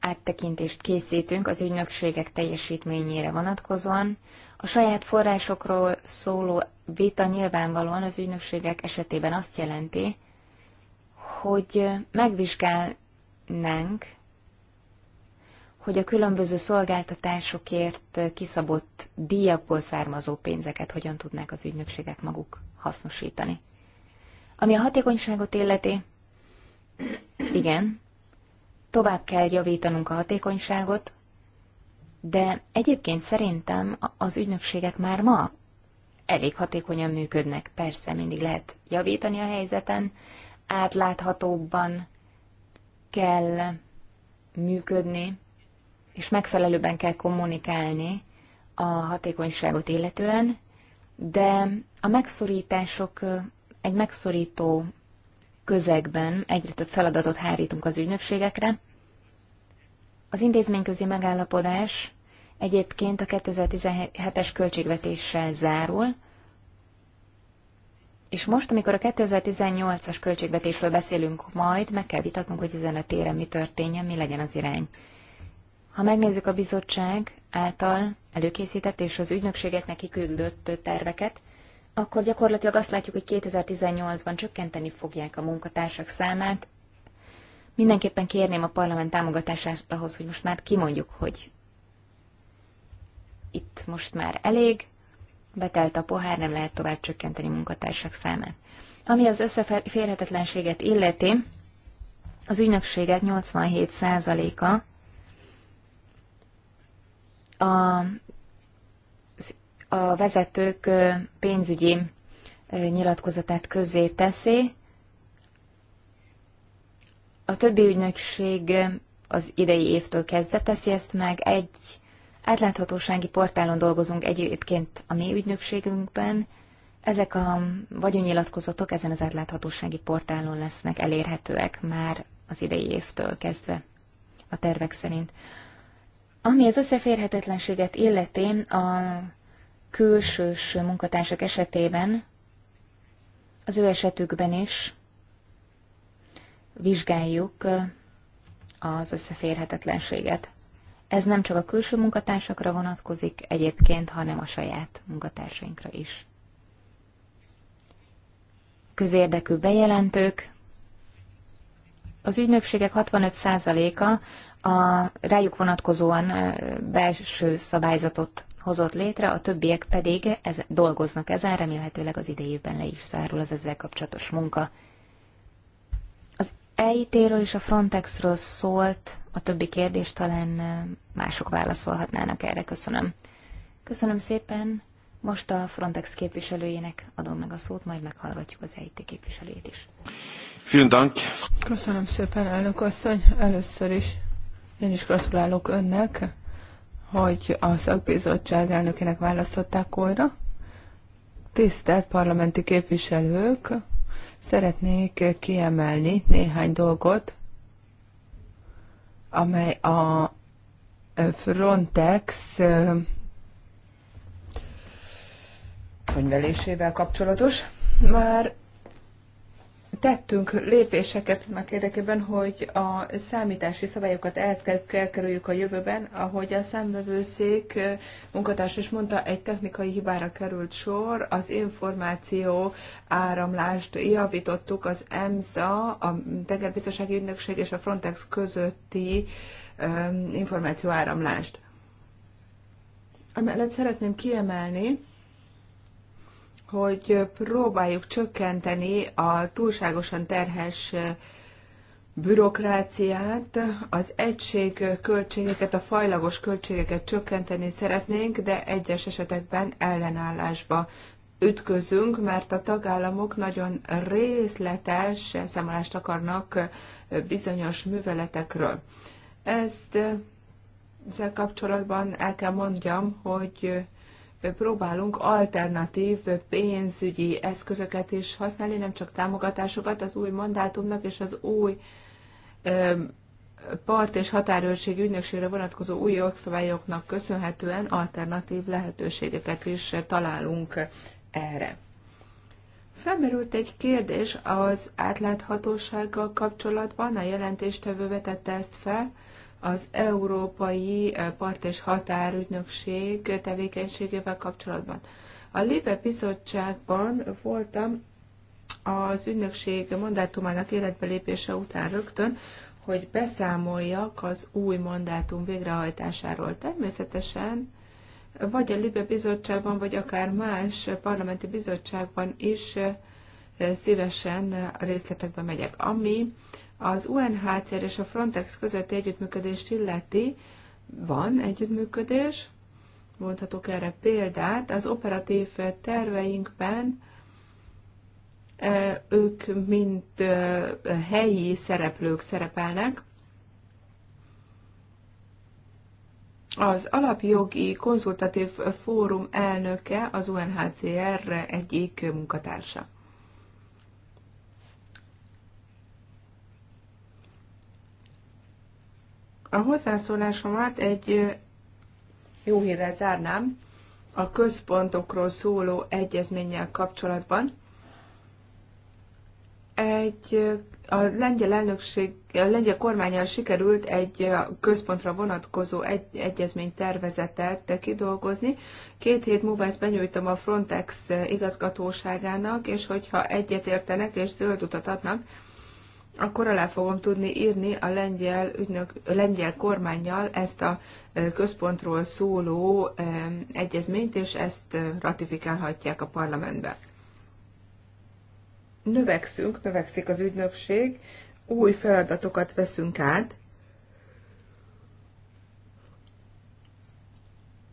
áttekintést készítünk az ügynökségek teljesítményére vonatkozóan. A saját forrásokról szóló vita nyilvánvalóan az ügynökségek esetében azt jelenti, hogy megvizsgálnánk, hogy a különböző szolgáltatásokért kiszabott díjakból származó pénzeket hogyan tudnák az ügynökségek maguk hasznosítani. Ami a hatékonyságot illeti, igen, tovább kell javítanunk a hatékonyságot, de egyébként szerintem az ügynökségek már ma elég hatékonyan működnek. Persze mindig lehet javítani a helyzeten, átláthatóbban kell működni, és megfelelőben kell kommunikálni a hatékonyságot illetően, de a megszorítások egy megszorító közegben egyre több feladatot hárítunk az ügynökségekre. Az intézményközi megállapodás egyébként a 2017-es költségvetéssel zárul, és most, amikor a 2018-as költségvetésről beszélünk majd, meg kell vitatnunk, hogy ezen a téren mi történjen, mi legyen az irány. Ha megnézzük a bizottság által előkészített és az ügynökségeknek kiküldött terveket, akkor gyakorlatilag azt látjuk, hogy 2018-ban csökkenteni fogják a munkatársak számát. Mindenképpen kérném a parlament támogatását ahhoz, hogy most már kimondjuk, hogy itt most már elég, betelt a pohár, nem lehet tovább csökkenteni munkatársak számát. Ami az összeférhetetlenséget illeti, az ügynökségek 87%-a a a vezetők pénzügyi nyilatkozatát közzé teszi. A többi ügynökség az idei évtől kezdve teszi ezt meg. Egy átláthatósági portálon dolgozunk egyébként a mi ügynökségünkben. Ezek a vagyonnyilatkozatok ezen az átláthatósági portálon lesznek elérhetőek már az idei évtől kezdve a tervek szerint. Ami az összeférhetetlenséget illeti, a külsős munkatársak esetében, az ő esetükben is vizsgáljuk az összeférhetetlenséget. Ez nem csak a külső munkatársakra vonatkozik egyébként, hanem a saját munkatársainkra is. Közérdekű bejelentők. Az ügynökségek 65%-a a rájuk vonatkozóan belső szabályzatot hozott létre, a többiek pedig ez, dolgoznak ezen, remélhetőleg az idejében le is zárul az ezzel kapcsolatos munka. Az EIT-ről és a Frontexről szólt, a többi kérdés talán mások válaszolhatnának erre. Köszönöm. Köszönöm szépen. Most a Frontex képviselőjének adom meg a szót, majd meghallgatjuk az EIT képviselőjét is. Köszönöm szépen, elnök asszony. Először is én is gratulálok önnek hogy a szakbizottság elnökének választották volna. Tisztelt parlamenti képviselők, szeretnék kiemelni néhány dolgot, amely a Frontex könyvelésével kapcsolatos. Már tettünk lépéseket annak érdekében, hogy a számítási szabályokat elkerüljük a jövőben, ahogy a számvevőszék munkatárs is mondta, egy technikai hibára került sor, az információ áramlást javítottuk az EMSA, a Tengerbiztonsági Ügynökség és a Frontex közötti információ áramlást. Emellett szeretném kiemelni, hogy próbáljuk csökkenteni a túlságosan terhes bürokráciát, az egység költségeket, a fajlagos költségeket csökkenteni szeretnénk, de egyes esetekben ellenállásba ütközünk, mert a tagállamok nagyon részletes számolást akarnak bizonyos műveletekről. Ezt ezzel kapcsolatban el kell mondjam, hogy próbálunk alternatív pénzügyi eszközöket is használni, nem csak támogatásokat az új mandátumnak és az új part és határőrség ügynökségre vonatkozó új jogszabályoknak köszönhetően alternatív lehetőségeket is találunk erre. Felmerült egy kérdés az átláthatósággal kapcsolatban, a jelentéstevő vetette ezt fel, az Európai eh, Part és Határügynökség tevékenységével kapcsolatban. A Libe Bizottságban voltam az ügynökség mandátumának életbelépése után rögtön, hogy beszámoljak az új mandátum végrehajtásáról. Természetesen vagy a Libe Bizottságban, vagy akár más parlamenti bizottságban is eh, szívesen a részletekbe megyek. Ami az UNHCR és a Frontex közötti együttműködést illeti, van együttműködés, mondhatok erre példát, az operatív terveinkben e, ők mint e, helyi szereplők szerepelnek. Az alapjogi konzultatív fórum elnöke az UNHCR egyik munkatársa. A hozzászólásomat egy jó hírrel zárnám a központokról szóló egyezménnyel kapcsolatban. Egy a lengyel elnökség, a lengyel kormányjal sikerült egy központra vonatkozó egy, egyezmény tervezetet kidolgozni. Két hét múlva ezt benyújtom a Frontex igazgatóságának, és hogyha egyetértenek és zöld utat adnak, akkor alá fogom tudni írni a lengyel, ügynök, a lengyel kormányjal ezt a központról szóló egyezményt, és ezt ratifikálhatják a parlamentbe. Növekszünk, növekszik az ügynökség, új feladatokat veszünk át,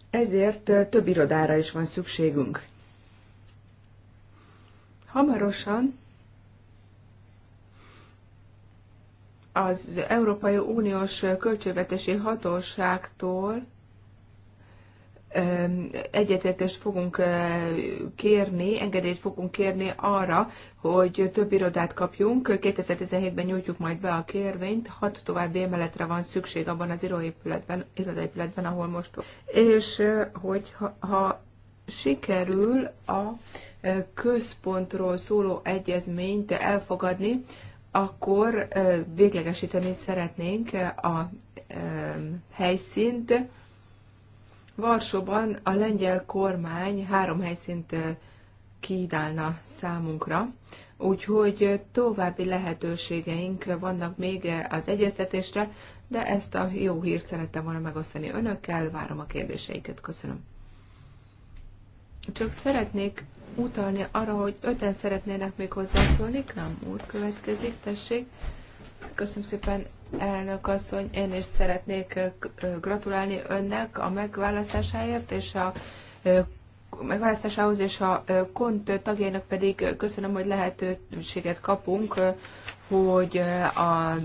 ezért több irodára is van szükségünk. Hamarosan az Európai Uniós Költségvetési Hatóságtól egyetértést fogunk kérni, engedélyt fogunk kérni arra, hogy több irodát kapjunk. 2017-ben nyújtjuk majd be a kérvényt, hat további emeletre van szükség abban az irodaépületben, irodaépületben ahol most És hogy ha, ha sikerül a központról szóló egyezményt elfogadni, akkor véglegesíteni szeretnénk a helyszínt. Varsóban a lengyel kormány három helyszínt kínálna számunkra, úgyhogy további lehetőségeink vannak még az egyeztetésre, de ezt a jó hírt szerettem volna megosztani önökkel, várom a kérdéseiket, köszönöm. Csak szeretnék utalni arra, hogy öten szeretnének még hozzászólni. nem úr következik, tessék. Köszönöm szépen, elnök asszony. Én is szeretnék gratulálni önnek a megválasztásáért és a megválasztásához, és a KONT tagjainak pedig köszönöm, hogy lehetőséget kapunk, hogy a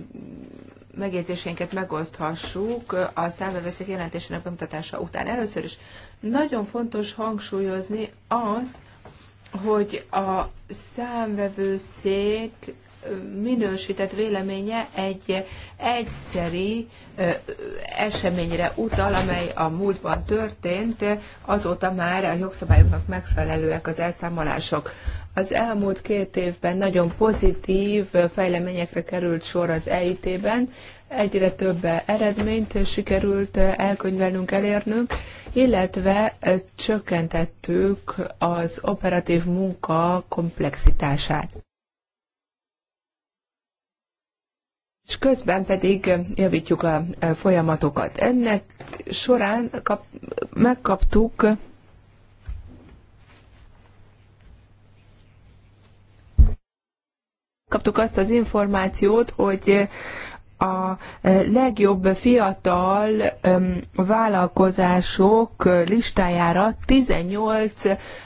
megjegyzéseinket megoszthassuk a számbevőszék jelentésének bemutatása után. Először is nagyon fontos hangsúlyozni azt, hogy a számvevőszék minősített véleménye egy egyszeri eseményre utal, amely a múltban történt, azóta már a jogszabályoknak megfelelőek az elszámolások. Az elmúlt két évben nagyon pozitív fejleményekre került sor az EIT-ben, egyre több eredményt sikerült elkönyvelnünk, elérnünk, illetve csökkentettük az operatív munka komplexitását. és közben pedig javítjuk a folyamatokat. Ennek során kap, megkaptuk kaptuk azt az információt, hogy a e, legjobb fiatal e, vállalkozások listájára 18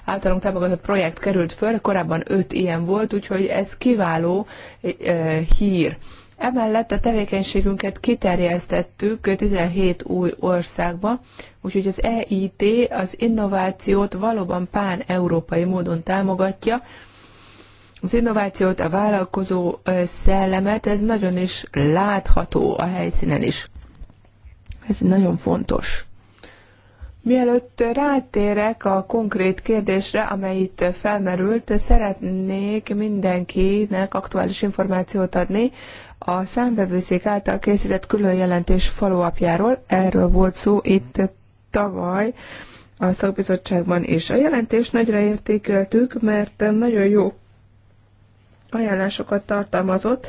általunk támogatott projekt került föl, korábban 5 ilyen volt, úgyhogy ez kiváló e, hír. Emellett a tevékenységünket kiterjesztettük 17 új országba, úgyhogy az EIT az innovációt valóban pán-európai módon támogatja, az innovációt, a vállalkozó szellemet, ez nagyon is látható a helyszínen is. Ez nagyon fontos. Mielőtt rátérek a konkrét kérdésre, amely itt felmerült, szeretnék mindenkinek aktuális információt adni a számvevőszék által készített külön jelentés faluapjáról. Erről volt szó itt tavaly a szakbizottságban is. A jelentést nagyra értékeltük, mert nagyon jó ajánlásokat tartalmazott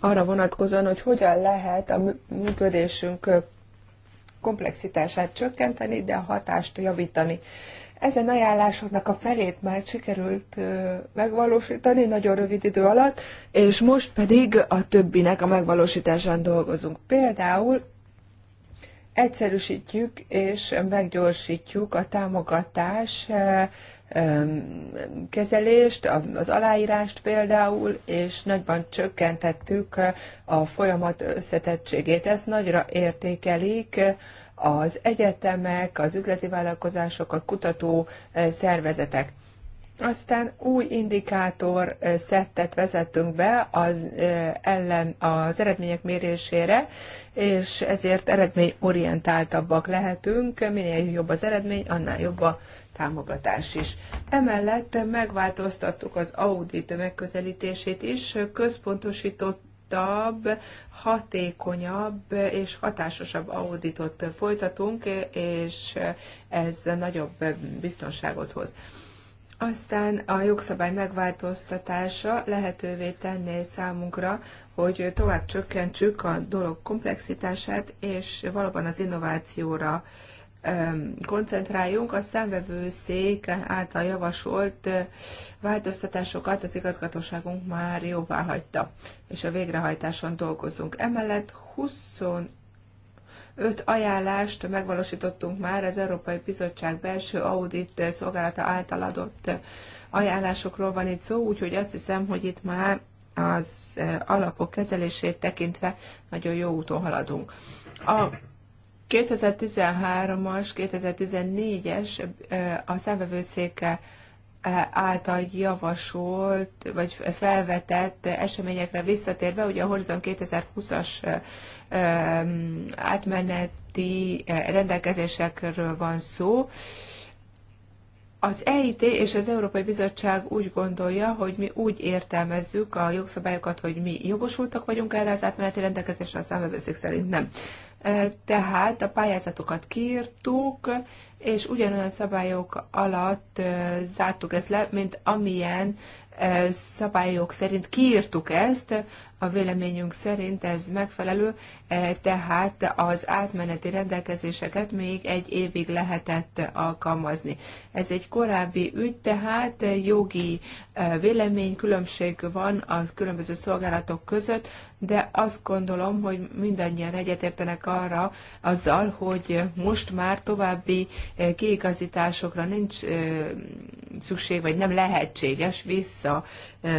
arra vonatkozóan, hogy hogyan lehet a működésünk komplexitását csökkenteni, de a hatást javítani. Ezen ajánlásoknak a felét már sikerült megvalósítani nagyon rövid idő alatt, és most pedig a többinek a megvalósításán dolgozunk. Például egyszerűsítjük és meggyorsítjuk a támogatás kezelést, az aláírást például, és nagyban csökkentettük a folyamat összetettségét. Ezt nagyra értékelik az egyetemek, az üzleti vállalkozások, a kutató szervezetek. Aztán új indikátor szettet vezettünk be az, ellen, az eredmények mérésére, és ezért eredményorientáltabbak lehetünk. Minél jobb az eredmény, annál jobb a támogatás is. Emellett megváltoztattuk az audit megközelítését is, központosított hatékonyabb és hatásosabb auditot folytatunk, és ez nagyobb biztonságot hoz. Aztán a jogszabály megváltoztatása lehetővé tenné számunkra, hogy tovább csökkentsük a dolog komplexitását, és valóban az innovációra koncentráljunk, a számvevőszék által javasolt változtatásokat az igazgatóságunk már jóvá hagyta, és a végrehajtáson dolgozunk. Emellett 25 ajánlást megvalósítottunk már az Európai Bizottság belső audit szolgálata által adott ajánlásokról van itt szó, úgyhogy azt hiszem, hogy itt már az alapok kezelését tekintve nagyon jó úton haladunk. A 2013-as, 2014-es a számvevőszéke által javasolt, vagy felvetett eseményekre visszatérve, ugye a Horizon 2020-as átmeneti rendelkezésekről van szó. Az EIT és az Európai Bizottság úgy gondolja, hogy mi úgy értelmezzük a jogszabályokat, hogy mi jogosultak vagyunk erre az átmeneti rendelkezésre, a számövőszék szerint nem tehát a pályázatokat kiírtuk, és ugyanolyan szabályok alatt zártuk ezt le, mint amilyen szabályok szerint kiírtuk ezt, a véleményünk szerint ez megfelelő, tehát az átmeneti rendelkezéseket még egy évig lehetett alkalmazni. Ez egy korábbi ügy, tehát jogi véleménykülönbség van a különböző szolgálatok között, de azt gondolom, hogy mindannyian egyetértenek arra azzal, hogy most már további kiigazításokra nincs szükség, vagy nem lehetséges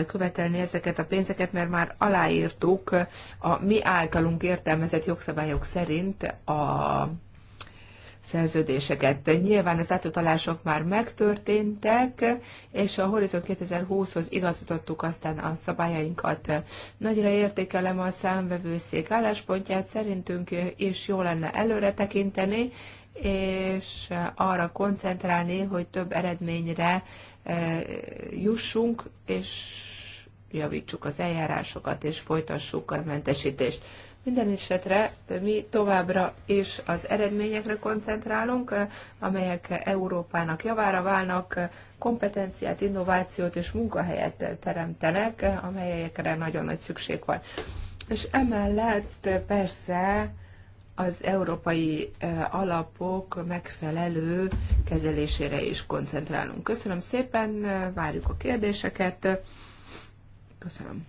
követelni ezeket a pénzeket, mert már aláírtuk a mi általunk értelmezett jogszabályok szerint a szerződéseket. Nyilván az átutalások már megtörténtek, és a Horizon 2020-hoz igazítottuk aztán a szabályainkat. Nagyra értékelem a számvevőszék álláspontját, szerintünk is jó lenne előre tekinteni, és arra koncentrálni, hogy több eredményre e, jussunk, és javítsuk az eljárásokat, és folytassuk a mentesítést. Minden esetre mi továbbra is az eredményekre koncentrálunk, amelyek Európának javára válnak, kompetenciát, innovációt és munkahelyet teremtenek, amelyekre nagyon nagy szükség van. És emellett persze az európai alapok megfelelő kezelésére is koncentrálunk. Köszönöm szépen, várjuk a kérdéseket. Köszönöm.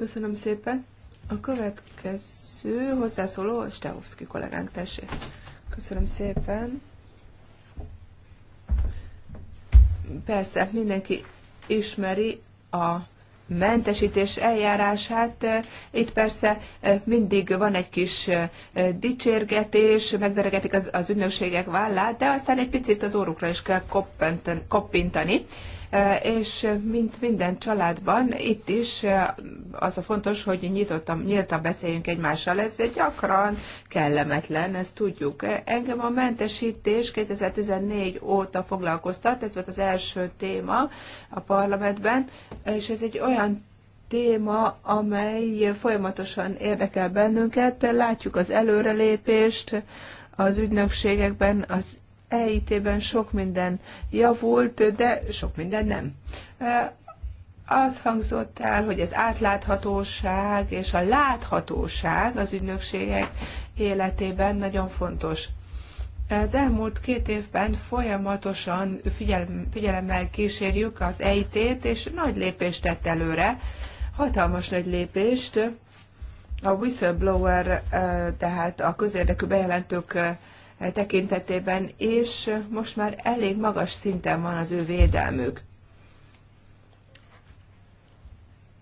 Köszönöm szépen. A következő hozzászóló Stehovszki kollégánk, tessék. Köszönöm szépen. Persze, mindenki ismeri a mentesítés eljárását. Itt persze eh, mindig van egy kis eh, dicsérgetés, megveregetik az, az ügynökségek vállát, de aztán egy picit az órukra is kell koppintani. Eh, és mint minden családban, itt is eh, az a fontos, hogy nyitottan, nyíltan beszéljünk egymással. Ez egy gyakran kellemetlen, ezt tudjuk. Eh, engem a mentesítés 2014 óta foglalkoztat, ez volt az első téma a parlamentben, és ez egy olyan téma, amely folyamatosan érdekel bennünket. Látjuk az előrelépést az ügynökségekben, az EIT-ben sok minden javult, de sok minden nem. Az hangzott el, hogy az átláthatóság és a láthatóság az ügynökségek életében nagyon fontos. Az elmúlt két évben folyamatosan figyelem, figyelemmel kísérjük az EIT-t, és nagy lépést tett előre, hatalmas nagy lépést. A whistleblower, tehát a közérdekű bejelentők tekintetében, és most már elég magas szinten van az ő védelmük.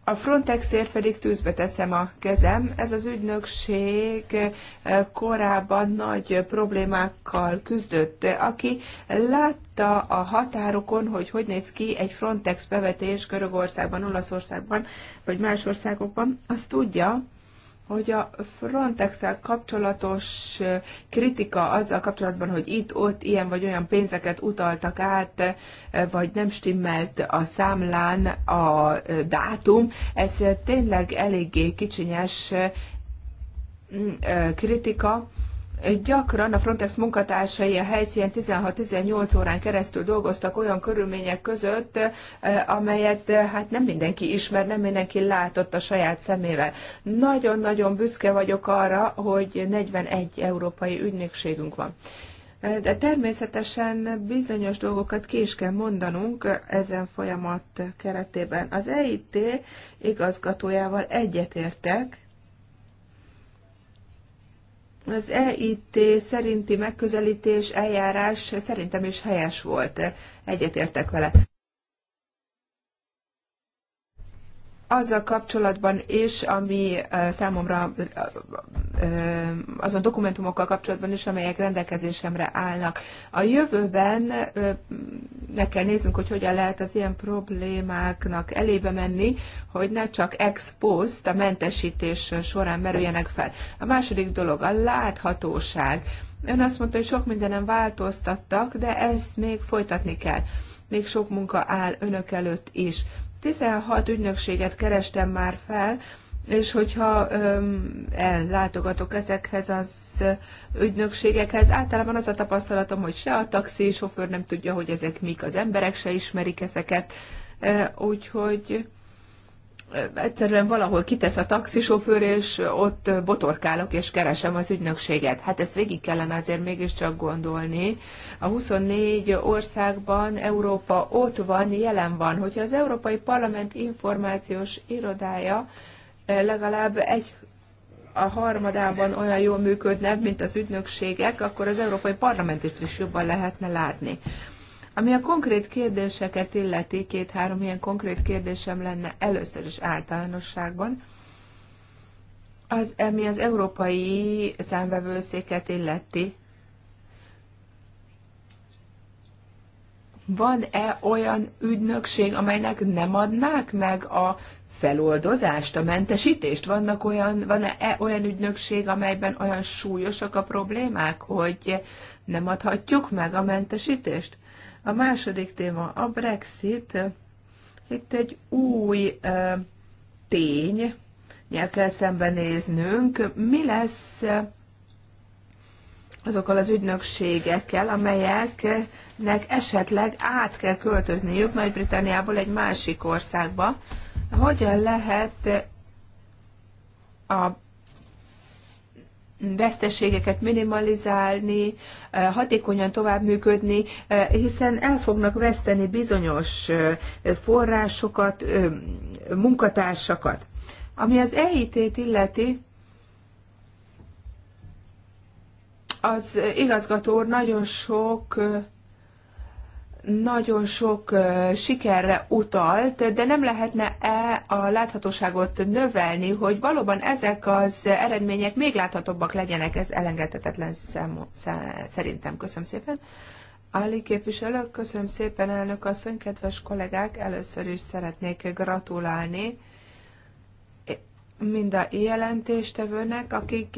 A Frontexért pedig tűzbe teszem a kezem. Ez az ügynökség eh, korábban nagy problémákkal küzdött. Aki látta a határokon, hogy hogy néz ki egy Frontex bevetés Görögországban, Olaszországban vagy más országokban, az tudja, hogy a frontex kapcsolatos kritika azzal kapcsolatban, hogy itt-ott ilyen vagy olyan pénzeket utaltak át, vagy nem stimmelt a számlán a dátum, ez tényleg eléggé kicsinyes kritika Gyakran a Frontex munkatársai a helyszínen 16-18 órán keresztül dolgoztak olyan körülmények között, eh, amelyet eh, hát nem mindenki ismer, nem mindenki látott a saját szemével. Nagyon-nagyon büszke vagyok arra, hogy 41 európai ügynökségünk van. Eh, de természetesen bizonyos dolgokat ki is kell mondanunk ezen folyamat keretében. Az EIT igazgatójával egyetértek, az EIT szerinti megközelítés, eljárás szerintem is helyes volt. Egyetértek vele. azzal kapcsolatban is, ami számomra azon dokumentumokkal kapcsolatban is, amelyek rendelkezésemre állnak. A jövőben ne kell néznünk, hogy hogyan lehet az ilyen problémáknak elébe menni, hogy ne csak ex post a mentesítés során merüljenek fel. A második dolog a láthatóság. Ön azt mondta, hogy sok mindenem változtattak, de ezt még folytatni kell még sok munka áll önök előtt is. 16 ügynökséget kerestem már fel, és hogyha öm, ellátogatok ezekhez az ügynökségekhez, általában az a tapasztalatom, hogy se a taxi sofőr nem tudja, hogy ezek mik, az emberek se ismerik ezeket, úgyhogy egyszerűen valahol kitesz a taxisofőr, és ott botorkálok, és keresem az ügynökséget. Hát ezt végig kellene azért mégiscsak gondolni. A 24 országban Európa ott van, jelen van. Hogyha az Európai Parlament információs irodája eh, legalább egy a harmadában olyan jól működne, mint az ügynökségek, akkor az Európai Parlamentet is jobban lehetne látni. Ami a konkrét kérdéseket illeti, két-három ilyen konkrét kérdésem lenne először is általánosságban, az, ami az európai számvevőszéket illeti, van-e olyan ügynökség, amelynek nem adnák meg a feloldozást, a mentesítést? Vannak olyan, van-e olyan ügynökség, amelyben olyan súlyosak a problémák, hogy nem adhatjuk meg a mentesítést? A második téma a Brexit. Itt egy új tény, nyert kell szembenéznünk. Mi lesz azokkal az ügynökségekkel, amelyeknek esetleg át kell költözniük Nagy-Britanniából egy másik országba? Hogyan lehet a veszteségeket minimalizálni, hatékonyan tovább működni, hiszen el fognak veszteni bizonyos forrásokat, munkatársakat. Ami az EIT-t illeti, az igazgató nagyon sok nagyon sok sikerre utalt, de nem lehetne-e a láthatóságot növelni, hogy valóban ezek az eredmények még láthatóbbak legyenek, ez elengedhetetlen számú, szerintem. Köszönöm szépen. Ali képviselő, köszönöm szépen, elnök asszony, kedves kollégák, először is szeretnék gratulálni mind a jelentéstevőnek, aki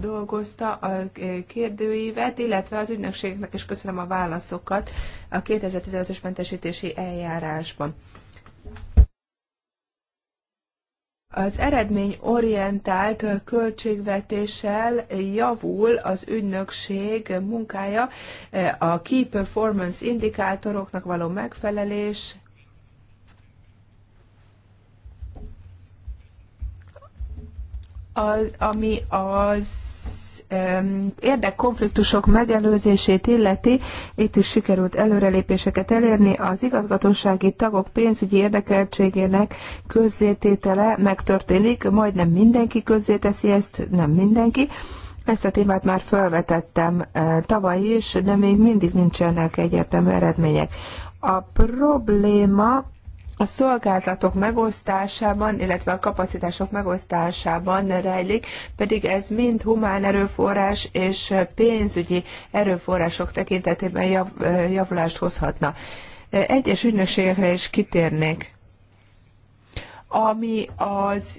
dolgozta a kérdőívet, illetve az ügynökségnek is köszönöm a válaszokat a 2015-ös mentesítési eljárásban. Az eredmény orientált költségvetéssel javul az ügynökség munkája, a key performance indikátoroknak való megfelelés, ami az érdekkonfliktusok megelőzését illeti, itt is sikerült előrelépéseket elérni. Az igazgatósági tagok pénzügyi érdekeltségének közzététele megtörténik, majdnem mindenki közzéteszi ezt, nem mindenki. Ezt a témát már felvetettem e, tavaly is, de még mindig nincsenek egyértelmű eredmények. A probléma a szolgáltatók megosztásában, illetve a kapacitások megosztásában rejlik, pedig ez mind humán erőforrás és pénzügyi erőforrások tekintetében jav, javulást hozhatna. Egyes ügynökségekre is kitérnék. Ami az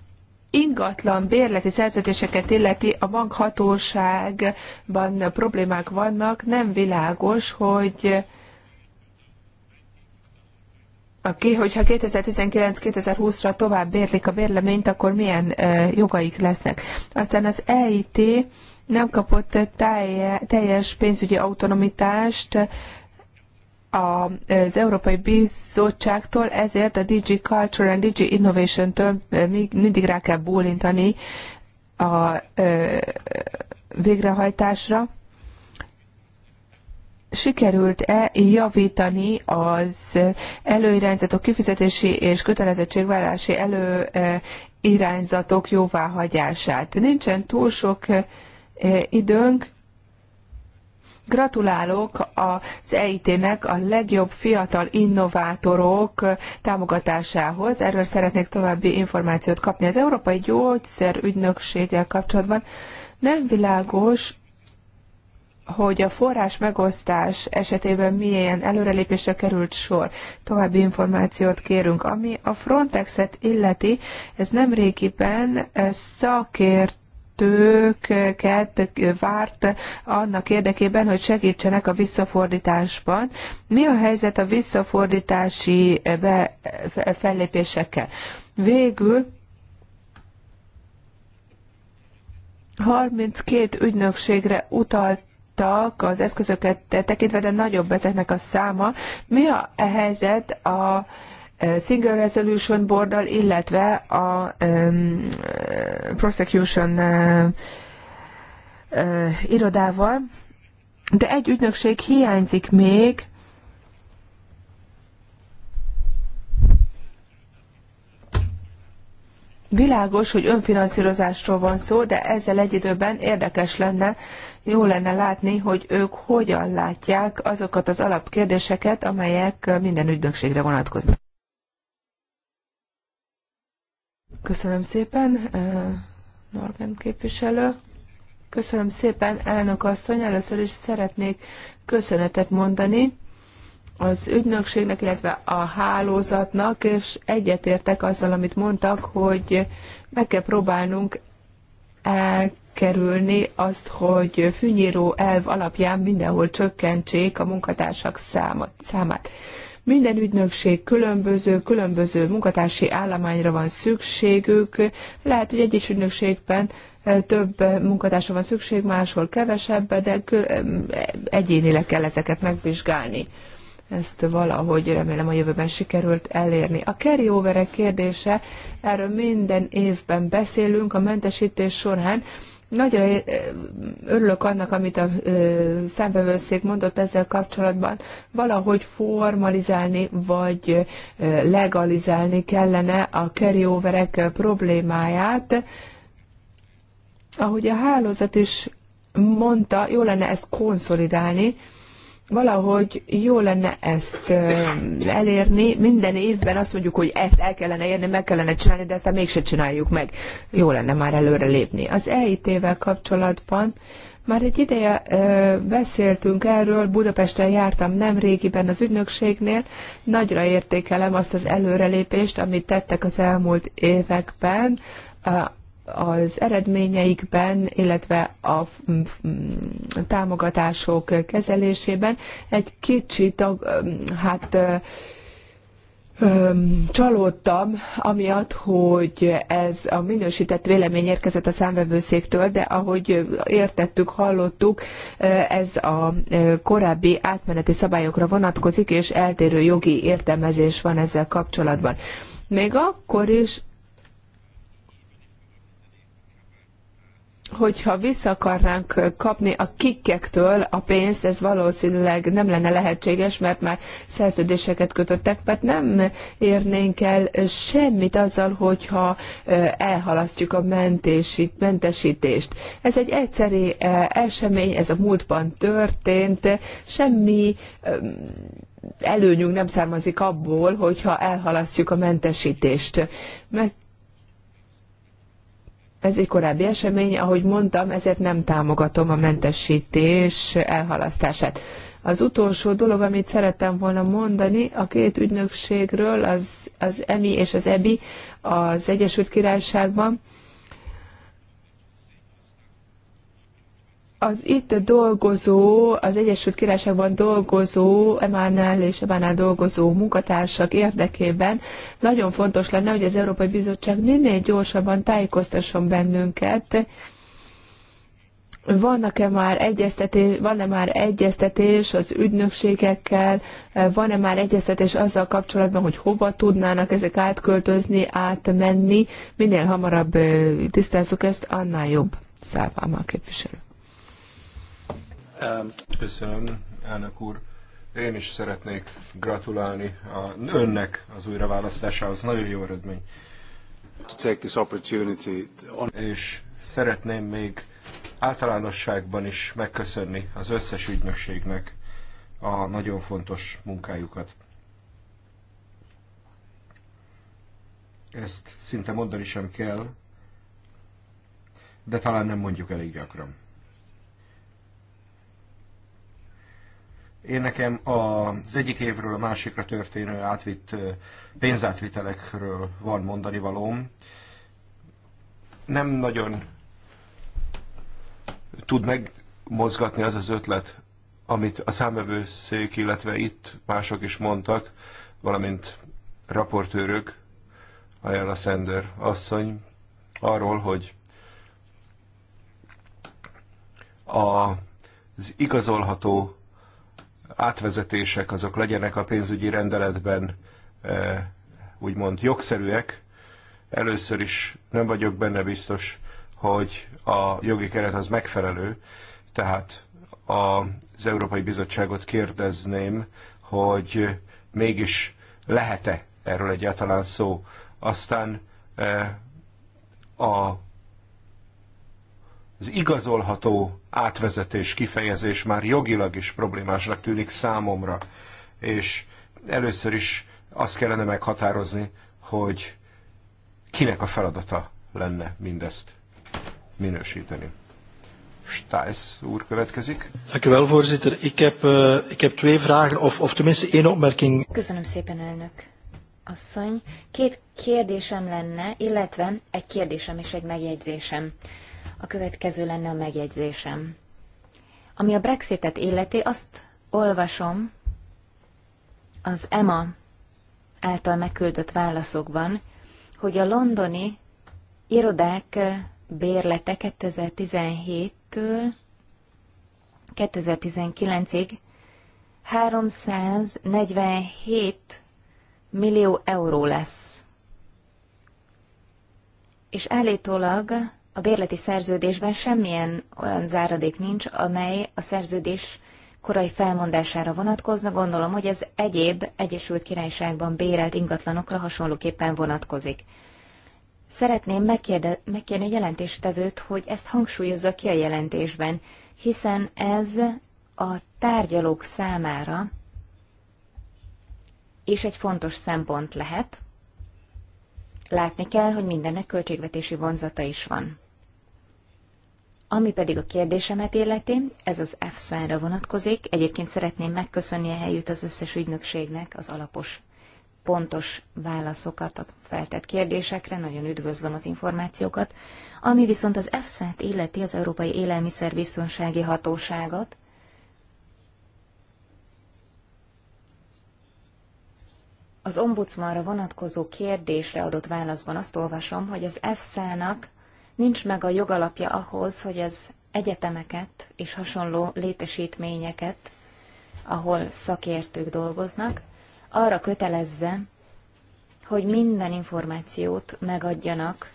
ingatlan bérleti szerződéseket illeti a bankhatóságban problémák vannak, nem világos, hogy aki, hogyha 2019-2020-ra tovább bérlik a bérleményt, akkor milyen jogaik lesznek. Aztán az EIT nem kapott teljes pénzügyi autonomitást az Európai Bizottságtól, ezért a Digi Culture and Digi Innovation-től még mindig rá kell bólintani a végrehajtásra sikerült-e javítani az előirányzatok kifizetési és kötelezettségvállalási előirányzatok eh, jóváhagyását. Nincsen túl sok eh, időnk. Gratulálok az EIT-nek a legjobb fiatal innovátorok támogatásához. Erről szeretnék további információt kapni. Az Európai Gyógyszerügynökséggel kapcsolatban nem világos, hogy a forrás megosztás esetében milyen előrelépésre került sor. További információt kérünk. Ami a Frontexet illeti, ez nem régiben eh, szakért tőket várt annak érdekében, hogy segítsenek a visszafordításban. Mi a helyzet a visszafordítási eh, be, eh, fellépésekkel? Végül 32 ügynökségre utalt voltak az eszközöket tekintve, de nagyobb ezeknek a száma. Mi a helyzet a e, Single Resolution Boarddal, illetve a um, Prosecution uh, uh, irodával, de egy ügynökség hiányzik még, Világos, hogy önfinanszírozásról van szó, de ezzel egy időben érdekes lenne, jó lenne látni, hogy ők hogyan látják azokat az alapkérdéseket, amelyek minden ügynökségre vonatkoznak. Köszönöm szépen, eh, Norgan képviselő. Köszönöm szépen, elnök asszony. Először is szeretnék köszönetet mondani az ügynökségnek, illetve a hálózatnak, és egyetértek azzal, amit mondtak, hogy meg kell próbálnunk elkerülni azt, hogy fűnyíró elv alapján mindenhol csökkentsék a munkatársak számot, számát. Minden ügynökség különböző, különböző munkatársi állományra van szükségük. Lehet, hogy egyes ügynökségben eh, több eh, munkatársa van szükség, máshol kevesebb, de eh, egyénileg kell ezeket megvizsgálni ezt valahogy remélem a jövőben sikerült elérni. A carryoverek kérdése, erről minden évben beszélünk a mentesítés során, Nagyra eh, örülök annak, amit a eh, számbevőszék mondott ezzel kapcsolatban. Valahogy formalizálni vagy eh, legalizálni kellene a kerióverek problémáját. Ahogy a hálózat is mondta, jó lenne ezt konszolidálni, valahogy jó lenne ezt elérni. Minden évben azt mondjuk, hogy ezt el kellene érni, meg kellene csinálni, de aztán mégse csináljuk meg. Jó lenne már előre lépni. Az EIT-vel kapcsolatban már egy ideje beszéltünk erről, Budapesten jártam nem régiben az ügynökségnél, nagyra értékelem azt az előrelépést, amit tettek az elmúlt években az eredményeikben, illetve a támogatások kezelésében egy kicsit, hát csalódtam, amiatt, hogy ez a minősített vélemény érkezett a számvevőszéktől, de ahogy értettük, hallottuk, ez a korábbi átmeneti szabályokra vonatkozik, és eltérő jogi értelmezés van ezzel kapcsolatban. Még akkor is, hogyha vissza akarnánk kapni a kikektől a pénzt, ez valószínűleg nem lenne lehetséges, mert már szerződéseket kötöttek, mert nem érnénk el semmit azzal, hogyha elhalasztjuk a mentési, mentesítést. Ez egy egyszeri esemény, ez a múltban történt, semmi előnyünk nem származik abból, hogyha elhalasztjuk a mentesítést. Meg ez egy korábbi esemény, ahogy mondtam, ezért nem támogatom a mentesítés elhalasztását. Az utolsó dolog, amit szerettem volna mondani a két ügynökségről, az, az EMI és az EBI az Egyesült Királyságban, az itt dolgozó, az Egyesült Királyságban dolgozó, Emánál és Emánál dolgozó munkatársak érdekében nagyon fontos lenne, hogy az Európai Bizottság minél gyorsabban tájékoztasson bennünket, vannak-e már egyeztetés, van-e már egyeztetés az ügynökségekkel, van-e már egyeztetés azzal kapcsolatban, hogy hova tudnának ezek átköltözni, átmenni, minél hamarabb tisztázzuk ezt, annál jobb szávám képviselő. Köszönöm, elnök úr. Én is szeretnék gratulálni a, önnek az újraválasztásához. Nagyon jó eredmény. És szeretném még általánosságban is megköszönni az összes ügynökségnek a nagyon fontos munkájukat. Ezt szinte mondani sem kell, de talán nem mondjuk elég gyakran. Én nekem az egyik évről a másikra történő átvitt pénzátvitelekről van mondani valóm. Nem nagyon tud megmozgatni az az ötlet, amit a számövőszék, illetve itt mások is mondtak, valamint raportőrök, Ayala Sender asszony, arról, hogy a, az igazolható átvezetések azok legyenek a pénzügyi rendeletben e, úgymond jogszerűek. Először is nem vagyok benne biztos, hogy a jogi keret az megfelelő, tehát az Európai Bizottságot kérdezném, hogy mégis lehet-e erről egyáltalán szó. Aztán e, a az igazolható átvezetés kifejezés már jogilag is problémásnak tűnik számomra, és először is azt kellene meghatározni, hogy kinek a feladata lenne mindezt minősíteni. Stijs úr következik. Dank u wel, voorzitter. Ik heb, uh, ik heb twee vragen, of, of tenminste één opmerking. Köszönöm szépen, elnök asszony. Két kérdésem lenne, illetve egy kérdésem és egy megjegyzésem. A következő lenne a megjegyzésem. Ami a Brexitet illeti, azt olvasom az EMA által megküldött válaszokban, hogy a londoni irodák bérlete 2017-től 2019-ig 347 millió euró lesz. És állítólag a bérleti szerződésben semmilyen olyan záradék nincs, amely a szerződés korai felmondására vonatkozna, gondolom, hogy ez egyéb Egyesült Királyságban bérelt ingatlanokra hasonlóképpen vonatkozik. Szeretném megkérde, megkérni a jelentéstevőt, hogy ezt hangsúlyozza ki a jelentésben, hiszen ez a tárgyalók számára is egy fontos szempont lehet, Látni kell, hogy mindennek költségvetési vonzata is van. Ami pedig a kérdésemet illeti, ez az f ra vonatkozik. Egyébként szeretném megköszönni a helyütt az összes ügynökségnek az alapos, pontos válaszokat a feltett kérdésekre. Nagyon üdvözlöm az információkat. Ami viszont az f illeti, az Európai Élelmiszerbiztonsági Hatóságot, az ombudsmanra vonatkozó kérdésre adott válaszban azt olvasom, hogy az EFSA-nak nincs meg a jogalapja ahhoz, hogy az egyetemeket és hasonló létesítményeket, ahol szakértők dolgoznak, arra kötelezze, hogy minden információt megadjanak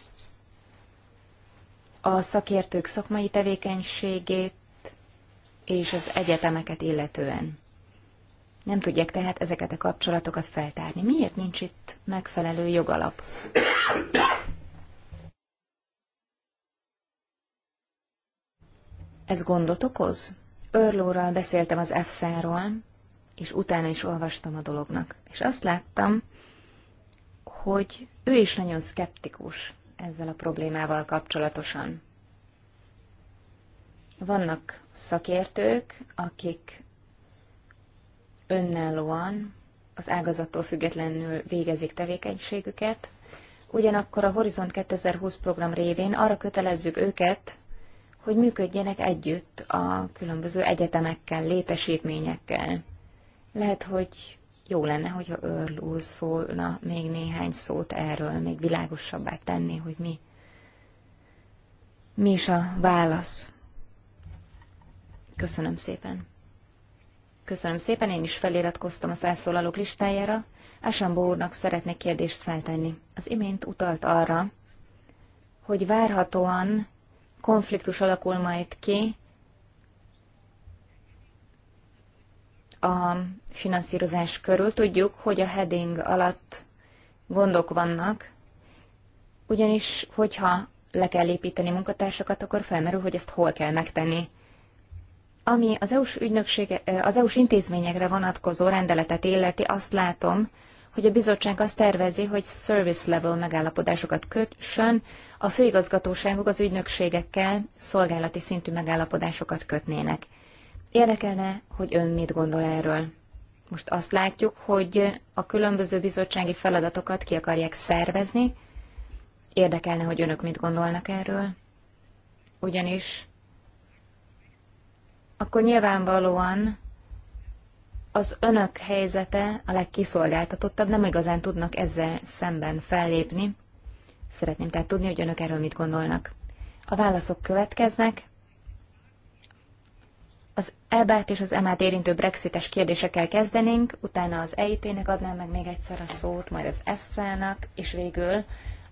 a szakértők szakmai tevékenységét és az egyetemeket illetően. Nem tudják tehát ezeket a kapcsolatokat feltárni. Miért nincs itt megfelelő jogalap? Ez gondot okoz? Örlóral beszéltem az f ról és utána is olvastam a dolognak. És azt láttam, hogy ő is nagyon szkeptikus ezzel a problémával kapcsolatosan. Vannak szakértők, akik önállóan, az ágazattól függetlenül végezik tevékenységüket, ugyanakkor a Horizont 2020 program révén arra kötelezzük őket, hogy működjenek együtt a különböző egyetemekkel, létesítményekkel. Lehet, hogy jó lenne, hogyha Earl úr szólna még néhány szót erről, még világosabbá tenni, hogy mi, mi is a válasz. Köszönöm szépen. Köszönöm szépen, én is feliratkoztam a felszólalók listájára. Asambó úrnak szeretnék kérdést feltenni. Az imént utalt arra, hogy várhatóan konfliktus alakul majd ki a finanszírozás körül. Tudjuk, hogy a heading alatt gondok vannak, ugyanis hogyha le kell építeni munkatársakat, akkor felmerül, hogy ezt hol kell megtenni. Ami az EU-s, az EU-s intézményekre vonatkozó rendeletet illeti, azt látom, hogy a bizottság azt tervezi, hogy service level megállapodásokat kötsön, a főigazgatóságok az ügynökségekkel szolgálati szintű megállapodásokat kötnének. Érdekelne, hogy ön mit gondol erről? Most azt látjuk, hogy a különböző bizottsági feladatokat ki akarják szervezni. Érdekelne, hogy önök mit gondolnak erről? Ugyanis akkor nyilvánvalóan az önök helyzete a legkiszolgáltatottabb, nem igazán tudnak ezzel szemben fellépni. Szeretném tehát tudni, hogy önök erről mit gondolnak. A válaszok következnek. Az EBÁT és az EMÁT érintő brexites kérdésekkel kezdenénk, utána az EIT-nek adnám meg még egyszer a szót, majd az EFSA-nak, és végül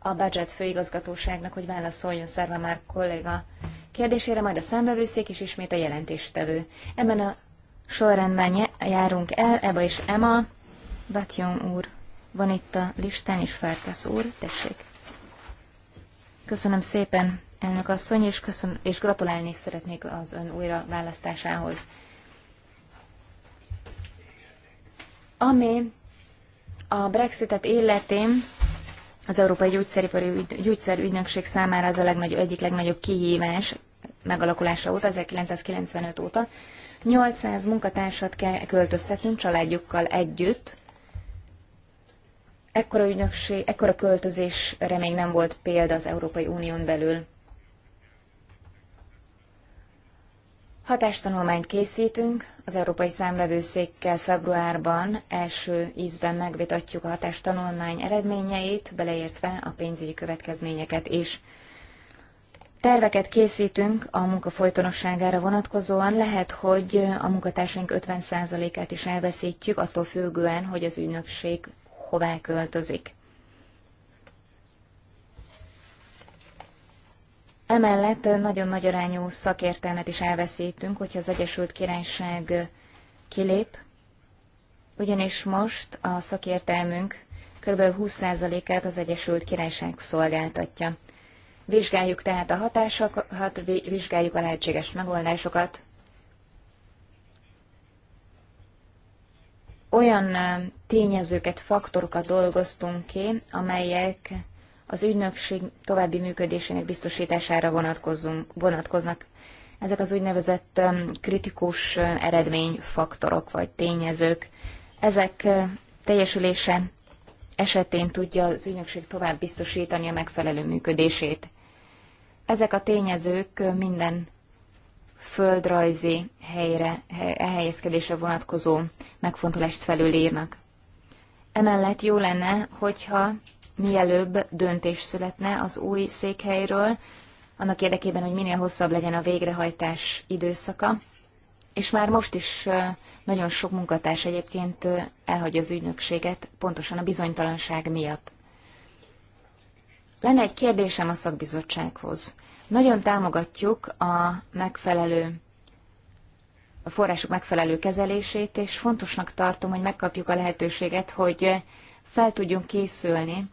a budget főigazgatóságnak, hogy válaszoljon szerve már kolléga kérdésére, majd a számbevőszék és ismét a jelentéstevő. Ebben a sorrendben járunk el, Eba és Emma, Batyom úr van itt a listán, és Ferkesz úr, tessék. Köszönöm szépen, elnök asszony, és, köszön, és gratulálni szeretnék az ön újra választásához. Ami a Brexitet illetén az Európai Gyógyszeripari Gyógyszerügynökség számára az a legnagy, egyik legnagyobb kihívás megalakulása óta, 1995 óta. 800 munkatársat kell költöztetnünk családjukkal együtt. Ekkora, ügynökség, ekkora költözésre még nem volt példa az Európai Unión belül. Hatástanulmányt készítünk, az Európai Számvevőszékkel februárban első ízben megvitatjuk a hatástanulmány eredményeit, beleértve a pénzügyi következményeket is. Terveket készítünk a munka folytonosságára vonatkozóan, lehet, hogy a munkatársaink 50%-át is elveszítjük, attól függően, hogy az ügynökség hová költözik. Emellett nagyon nagy arányú szakértelmet is elveszítünk, hogyha az Egyesült Királyság kilép, ugyanis most a szakértelmünk kb. 20%-át az Egyesült Királyság szolgáltatja. Vizsgáljuk tehát a hatásokat, vizsgáljuk a lehetséges megoldásokat. Olyan tényezőket, faktorokat dolgoztunk ki, amelyek az ügynökség további működésének biztosítására vonatkoznak. Ezek az úgynevezett um, kritikus um, eredményfaktorok vagy tényezők. Ezek uh, teljesülése esetén tudja az ügynökség tovább biztosítani a megfelelő működését. Ezek a tényezők uh, minden földrajzi helyre, helyezkedésre vonatkozó megfontolást felülírnak. Emellett jó lenne, hogyha mielőbb döntés születne az új székhelyről, annak érdekében, hogy minél hosszabb legyen a végrehajtás időszaka. És már most is nagyon sok munkatárs egyébként elhagyja az ügynökséget, pontosan a bizonytalanság miatt. Lenne egy kérdésem a szakbizottsághoz. Nagyon támogatjuk a megfelelő a források megfelelő kezelését, és fontosnak tartom, hogy megkapjuk a lehetőséget, hogy fel tudjunk készülni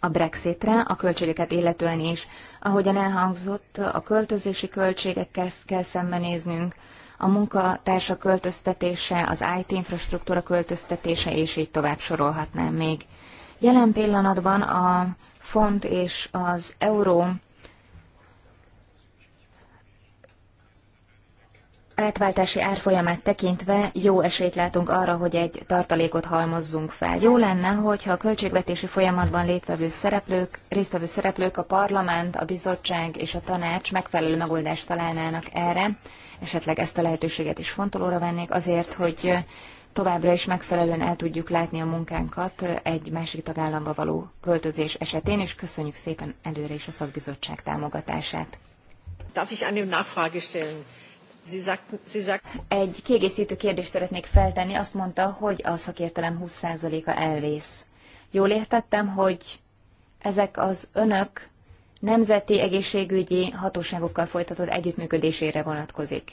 a Brexitre, a költségeket illetően is. Ahogyan elhangzott, a költözési költségekkel kell szembenéznünk, a munkatársa költöztetése, az IT infrastruktúra költöztetése, és így tovább sorolhatnám még. Jelen pillanatban a font és az euró átváltási árfolyamát tekintve jó esélyt látunk arra, hogy egy tartalékot halmozzunk fel. Jó lenne, hogyha a költségvetési folyamatban létvevő szereplők, résztvevő szereplők, a parlament, a bizottság és a tanács megfelelő megoldást találnának erre, esetleg ezt a lehetőséget is fontolóra vennék azért, hogy továbbra is megfelelően el tudjuk látni a munkánkat egy másik tagállamba való költözés esetén, és köszönjük szépen előre is a szakbizottság támogatását. Darf ich eine Nachfrage stellen? Egy kiegészítő kérdést szeretnék feltenni. Azt mondta, hogy a szakértelem 20%-a elvész. Jól értettem, hogy ezek az önök nemzeti egészségügyi hatóságokkal folytatott együttműködésére vonatkozik.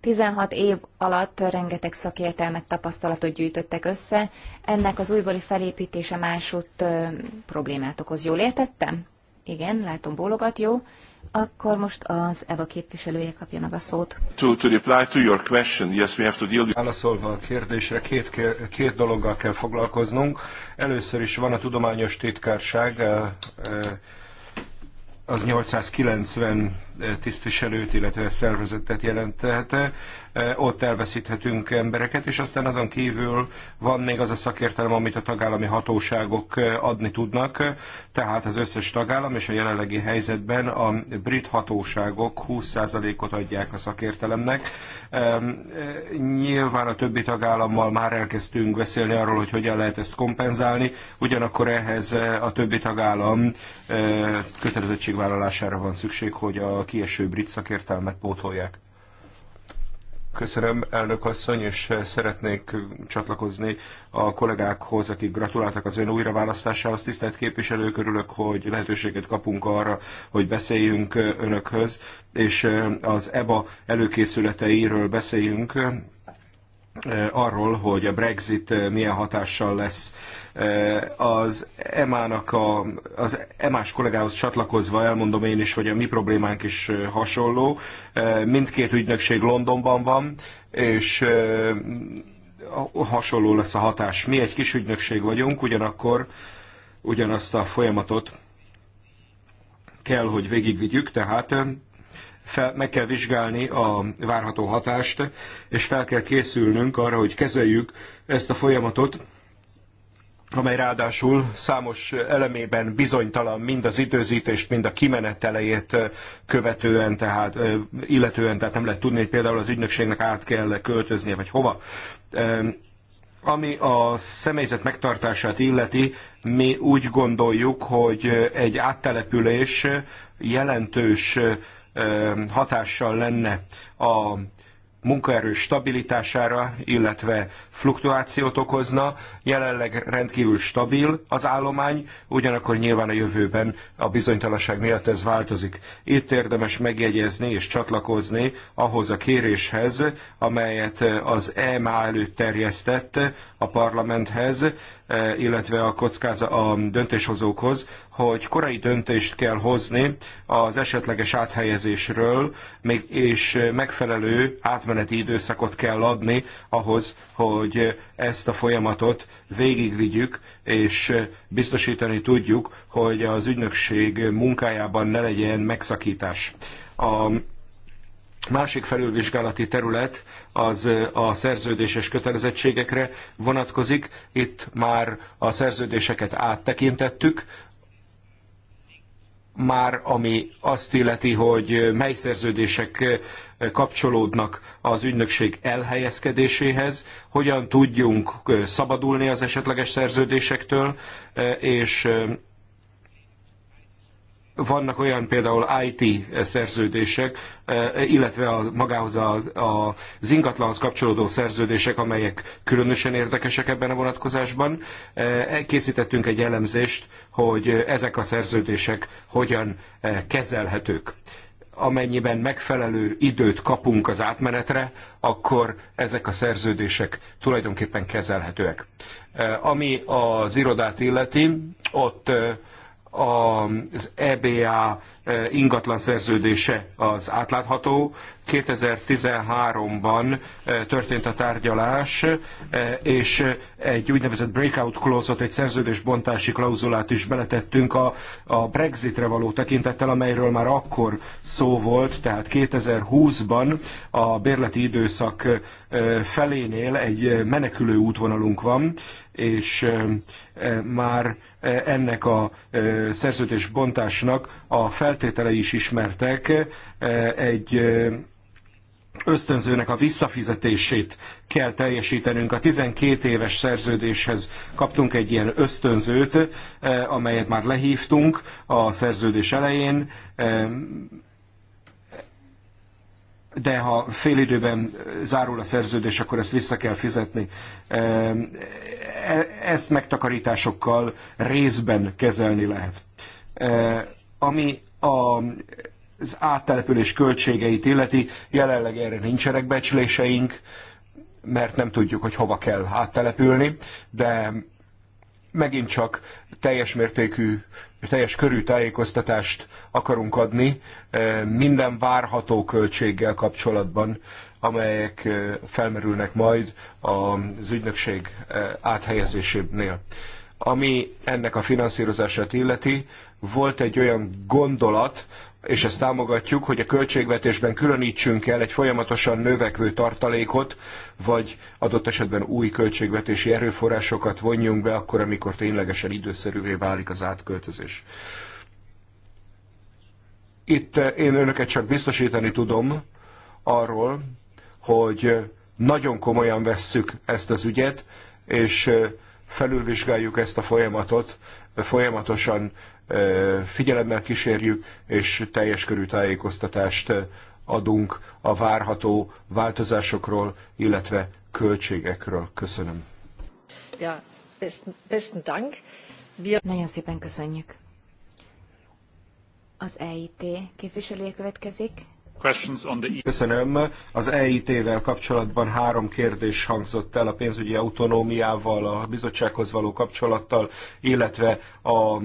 16 év alatt rengeteg szakértelmet, tapasztalatot gyűjtöttek össze, ennek az újbóli felépítése másutt problémát okoz. Jól értettem? Igen, látom, bólogat, jó. Akkor most az EVA képviselője kapja meg a szót. To, to reply to your question, yes, we have to deal with... Válaszolva a kérdésre, két, két dologgal kell foglalkoznunk. Először is van a tudományos titkárság, az 890 tisztviselőt, illetve szervezetet jelenthet. E, ott elveszíthetünk embereket, és aztán azon kívül van még az a szakértelem, amit a tagállami hatóságok e, adni tudnak, tehát az összes tagállam és a jelenlegi helyzetben a brit hatóságok 20%-ot adják a szakértelemnek. E, nyilván a többi tagállammal már elkezdtünk beszélni arról, hogy hogyan lehet ezt kompenzálni, ugyanakkor ehhez a többi tagállam kötelezettségvállalására van szükség, hogy a a kieső brit szakértelmet pótolják. Köszönöm, elnök asszony, és szeretnék csatlakozni a kollégákhoz, akik gratuláltak az ön újraválasztásához. Tisztelt képviselők, örülök, hogy lehetőséget kapunk arra, hogy beszéljünk önökhöz, és az EBA előkészületeiről beszéljünk, arról, hogy a Brexit milyen hatással lesz. Az EMA-nak a, az EMA-s kollégához csatlakozva elmondom én is, hogy a mi problémánk is hasonló. Mindkét ügynökség Londonban van, és hasonló lesz a hatás. Mi egy kis ügynökség vagyunk, ugyanakkor ugyanazt a folyamatot kell, hogy végigvigyük, tehát fel, meg kell vizsgálni a várható hatást, és fel kell készülnünk arra, hogy kezeljük ezt a folyamatot, amely ráadásul számos elemében bizonytalan mind az időzítést, mind a kimenetelejét követően, tehát illetően, tehát nem lehet tudni, hogy például az ügynökségnek át kell -e költöznie, vagy hova. Ami a személyzet megtartását illeti, mi úgy gondoljuk, hogy egy áttelepülés jelentős hatással lenne a munkaerő stabilitására, illetve fluktuációt okozna. Jelenleg rendkívül stabil az állomány, ugyanakkor nyilván a jövőben a bizonytalanság miatt ez változik. Itt érdemes megjegyezni és csatlakozni ahhoz a kéréshez, amelyet az EMA előtt terjesztett a parlamenthez, E, illetve a, kockáza, a döntéshozókhoz, hogy korai döntést kell hozni az esetleges áthelyezésről, és megfelelő átmeneti időszakot kell adni ahhoz, hogy ezt a folyamatot végigvigyük, és biztosítani tudjuk, hogy az ügynökség munkájában ne legyen megszakítás. A Másik felülvizsgálati terület az a szerződéses kötelezettségekre vonatkozik. Itt már a szerződéseket áttekintettük, már ami azt illeti, hogy mely szerződések kapcsolódnak az ügynökség elhelyezkedéséhez, hogyan tudjunk szabadulni az esetleges szerződésektől, és vannak olyan például IT szerződések, eh, illetve a, magához a, a, az ingatlanhoz kapcsolódó szerződések, amelyek különösen érdekesek ebben a vonatkozásban. Eh, készítettünk egy elemzést, hogy ezek a szerződések hogyan eh, kezelhetők amennyiben megfelelő időt kapunk az átmenetre, akkor ezek a szerződések tulajdonképpen kezelhetőek. Ami az irodát illeti, ott az EBA Eh, ingatlan szerződése az átlátható. 2013-ban eh, történt a tárgyalás, eh, és egy úgynevezett breakout clause-ot, egy szerződésbontási klauzulát is beletettünk a, a Brexitre való tekintettel, amelyről már akkor szó volt, tehát 2020-ban a bérleti időszak felénél egy menekülő útvonalunk van, és már ennek a szerződésbontásnak a fel feltételei is ismertek, e, egy e, ösztönzőnek a visszafizetését kell teljesítenünk. A 12 éves szerződéshez kaptunk egy ilyen ösztönzőt, e, amelyet már lehívtunk a szerződés elején, de ha fél időben zárul a szerződés, akkor ezt vissza kell fizetni. Ezt megtakarításokkal részben kezelni lehet. Ami a az áttelepülés költségeit illeti, jelenleg erre nincsenek becsléseink, mert nem tudjuk, hogy hova kell áttelepülni, de megint csak teljes mértékű, teljes körű tájékoztatást akarunk adni eh, minden várható költséggel kapcsolatban, amelyek eh, felmerülnek majd az ügynökség eh, áthelyezésénél. Ami ennek a finanszírozását illeti, volt egy olyan gondolat, és ezt támogatjuk, hogy a költségvetésben különítsünk el egy folyamatosan növekvő tartalékot, vagy adott esetben új költségvetési erőforrásokat vonjunk be, akkor, amikor ténylegesen időszerűvé válik az átköltözés. Itt eh, én önöket csak biztosítani tudom arról, hogy eh, nagyon komolyan vesszük ezt az ügyet, és eh, felülvizsgáljuk ezt a folyamatot, folyamatosan figyelemmel kísérjük, és teljes körű tájékoztatást adunk a várható változásokról, illetve költségekről. Köszönöm. Ja, besten, besten Dank. Wir... Nagyon szépen köszönjük. Az EIT képviselője következik. E- Köszönöm. Az EIT-vel kapcsolatban három kérdés hangzott el a pénzügyi autonómiával, a bizottsághoz való kapcsolattal, illetve a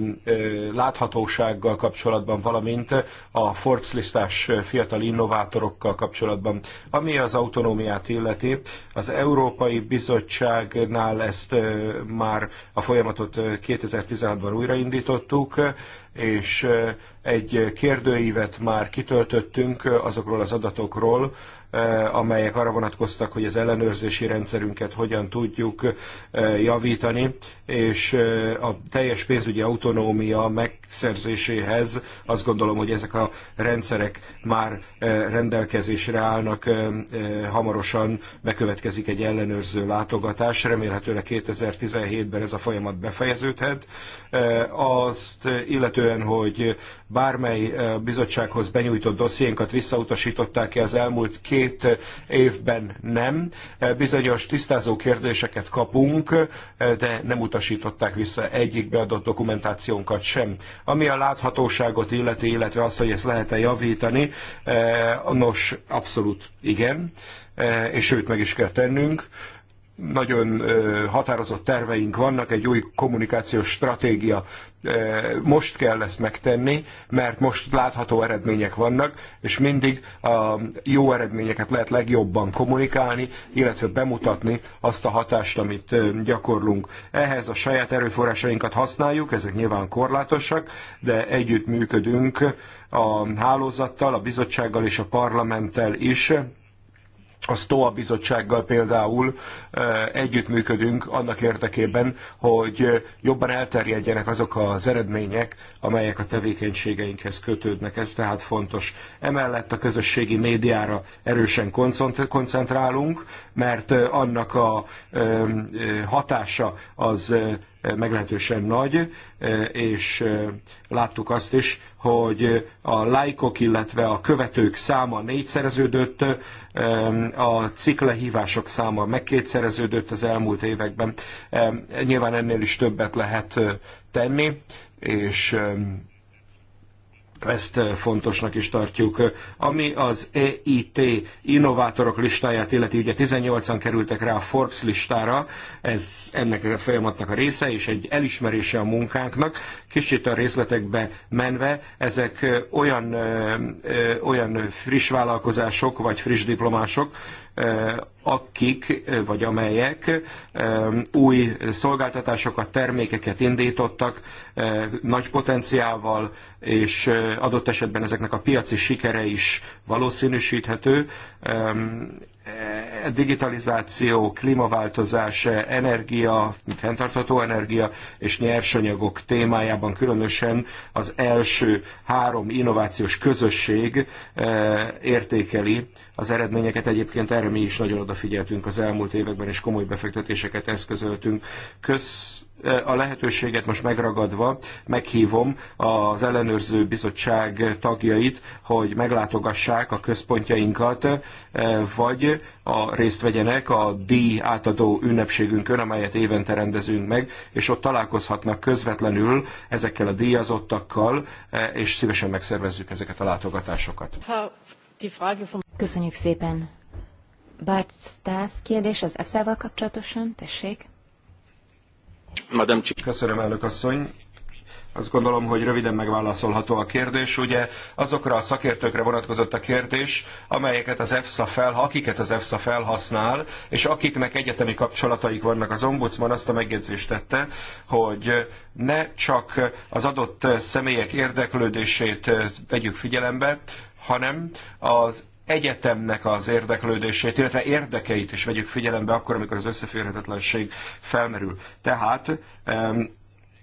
láthatósággal kapcsolatban, valamint a Forbes listás fiatal innovátorokkal kapcsolatban. Ami az autonómiát illeti, az Európai Bizottságnál ezt már a folyamatot 2016-ban újraindítottuk, és eh, egy kérdőívet már kitöltöttünk eh, azokról az adatokról, Eh, amelyek arra vonatkoztak, hogy az ellenőrzési rendszerünket hogyan tudjuk eh, javítani, és eh, a teljes pénzügyi autonómia megszerzéséhez azt gondolom, hogy ezek a rendszerek már rendelkezésre állnak, hamarosan bekövetkezik egy ellenőrző látogatás, remélhetőleg 2017-ben ez a folyamat befejeződhet. Azt illetően, hogy bármely bizottsághoz benyújtott dossziénkat visszautasították-e az elmúlt két két évben nem. Bizonyos tisztázó kérdéseket kapunk, de nem utasították vissza egyik beadott dokumentációnkat sem. Ami a láthatóságot illeti, illetve azt, hogy ezt lehet-e javítani, eh, nos, abszolút igen, eh, és sőt meg is kell tennünk nagyon határozott terveink vannak, egy új kommunikációs stratégia. Most kell ezt megtenni, mert most látható eredmények vannak, és mindig a jó eredményeket lehet legjobban kommunikálni, illetve bemutatni azt a hatást, amit gyakorlunk. Ehhez a saját erőforrásainkat használjuk, ezek nyilván korlátosak, de együtt működünk a hálózattal, a bizottsággal és a parlamenttel is, a STOA bizottsággal például együttműködünk annak érdekében, hogy jobban elterjedjenek azok az eredmények, amelyek a tevékenységeinkhez kötődnek. Ez tehát fontos. Emellett a közösségi médiára erősen koncentrálunk, mert annak a hatása az meglehetősen nagy, e, és e, láttuk azt is, hogy a lájkok, illetve a követők száma négyszereződött, e, a ciklehívások száma megkétszereződött az elmúlt években. Nyilván ennél is többet lehet tenni, és ezt fontosnak is tartjuk. Ami az EIT innovátorok listáját illeti, ugye 18-an kerültek rá a Forbes listára, ez ennek a folyamatnak a része, és egy elismerése a munkánknak. Kicsit a részletekbe menve, ezek olyan, olyan friss vállalkozások, vagy friss diplomások, akik vagy amelyek új szolgáltatásokat, termékeket indítottak nagy potenciával, és adott esetben ezeknek a piaci sikere is valószínűsíthető. Eh, digitalizáció, klímaváltozás, energia, fenntartható energia és nyersanyagok témájában különösen az első három innovációs közösség eh, értékeli az eredményeket. Egyébként erre mi is nagyon odafigyeltünk az elmúlt években, és komoly befektetéseket eszközöltünk. Kösz a lehetőséget most megragadva meghívom az ellenőrző bizottság tagjait, hogy meglátogassák a központjainkat, e, vagy a részt vegyenek a díj átadó ünnepségünkön, amelyet évente rendezünk meg, és ott találkozhatnak közvetlenül ezekkel a díjazottakkal, e, és szívesen megszervezzük ezeket a látogatásokat. Köszönjük szépen! Bart Stász kérdés az eszel kapcsolatosan, tessék. Madam Köszönöm, elnök asszony. Azt gondolom, hogy röviden megválaszolható a kérdés. Ugye azokra a szakértőkre vonatkozott a kérdés, amelyeket az EFSA felha, akiket az EFSA felhasznál, és akiknek egyetemi kapcsolataik vannak. Az ombudsman azt a megjegyzést tette, hogy ne csak az adott személyek érdeklődését vegyük figyelembe, hanem az egyetemnek az érdeklődését, illetve érdekeit is vegyük figyelembe akkor, amikor az összeférhetetlenség felmerül. Tehát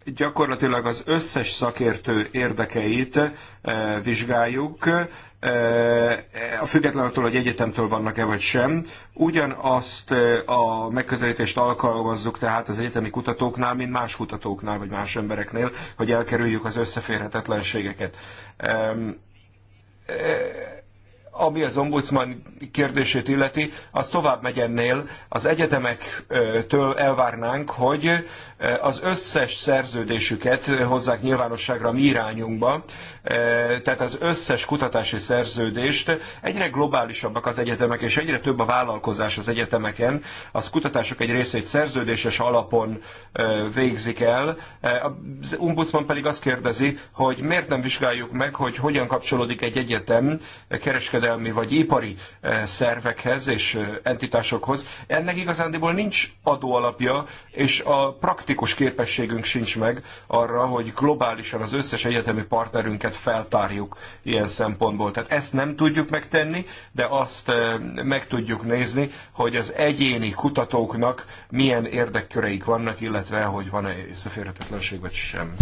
gyakorlatilag az összes szakértő érdekeit eh, vizsgáljuk, eh, a független attól, hogy egyetemtől vannak-e vagy sem. Ugyanazt eh, a megközelítést alkalmazzuk tehát az egyetemi kutatóknál, mint más kutatóknál, vagy más embereknél, hogy elkerüljük az összeférhetetlenségeket ami az ombudsman kérdését illeti, az tovább megy ennél. Az egyetemektől elvárnánk, hogy az összes szerződésüket hozzák nyilvánosságra mi irányunkba, tehát az összes kutatási szerződést. Egyre globálisabbak az egyetemek, és egyre több a vállalkozás az egyetemeken. Az kutatások egy részét szerződéses alapon végzik el. Az ombudsman pedig azt kérdezi, hogy miért nem vizsgáljuk meg, hogy hogyan kapcsolódik egy egyetem kereskedelmi kereskedelmi vagy ipari eh, szervekhez és eh, entitásokhoz. Ennek igazándiból nincs adóalapja, és a praktikus képességünk sincs meg arra, hogy globálisan az összes egyetemi partnerünket feltárjuk ilyen szempontból. Tehát ezt nem tudjuk megtenni, de azt eh, meg tudjuk nézni, hogy az egyéni kutatóknak milyen érdekköreik vannak, illetve hogy van-e összeférhetetlenség vagy sem.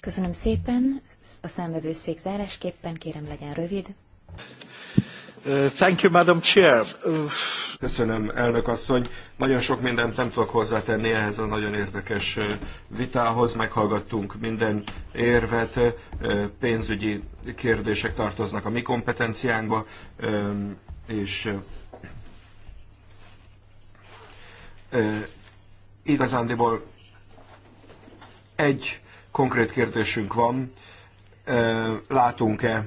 Köszönöm szépen. A számbevőszék zárásképpen kérem legyen rövid. Uh, uh, Köszönöm, elnök asszony. Nagyon sok mindent nem tudok hozzátenni ehhez a nagyon érdekes uh, vitához. Meghallgattunk minden érvet, pénzügyi kérdések tartoznak a mi kompetenciánkba, um, és igazándiból egy konkrét kérdésünk van, látunk-e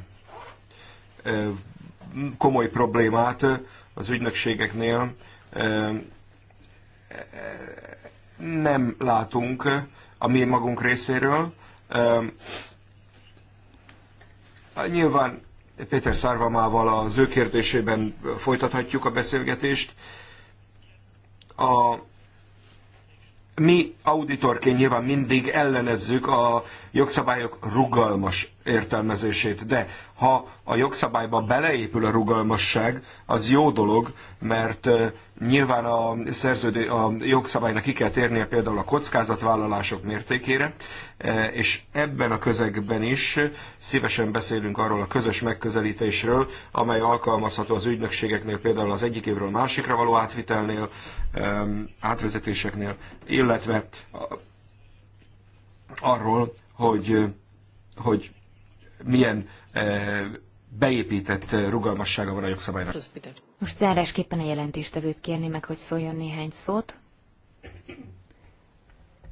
komoly problémát az ügynökségeknél nem látunk a mi magunk részéről. Nyilván Péter Szárvamával az ő kérdésében folytathatjuk a beszélgetést. A, mi auditorként nyilván mindig ellenezzük a jogszabályok rugalmas értelmezését. De ha a jogszabályba beleépül a rugalmasság, az jó dolog, mert nyilván a, szerződő, a jogszabálynak ki kell térnie például a kockázatvállalások mértékére, és ebben a közegben is szívesen beszélünk arról a közös megközelítésről, amely alkalmazható az ügynökségeknél, például az egyik évről másikra való átvitelnél, átvezetéseknél, illetve arról, hogy, hogy milyen e, beépített rugalmassága van a jogszabálynak. Most zárásképpen a jelentéstevőt kérni meg, hogy szóljon néhány szót.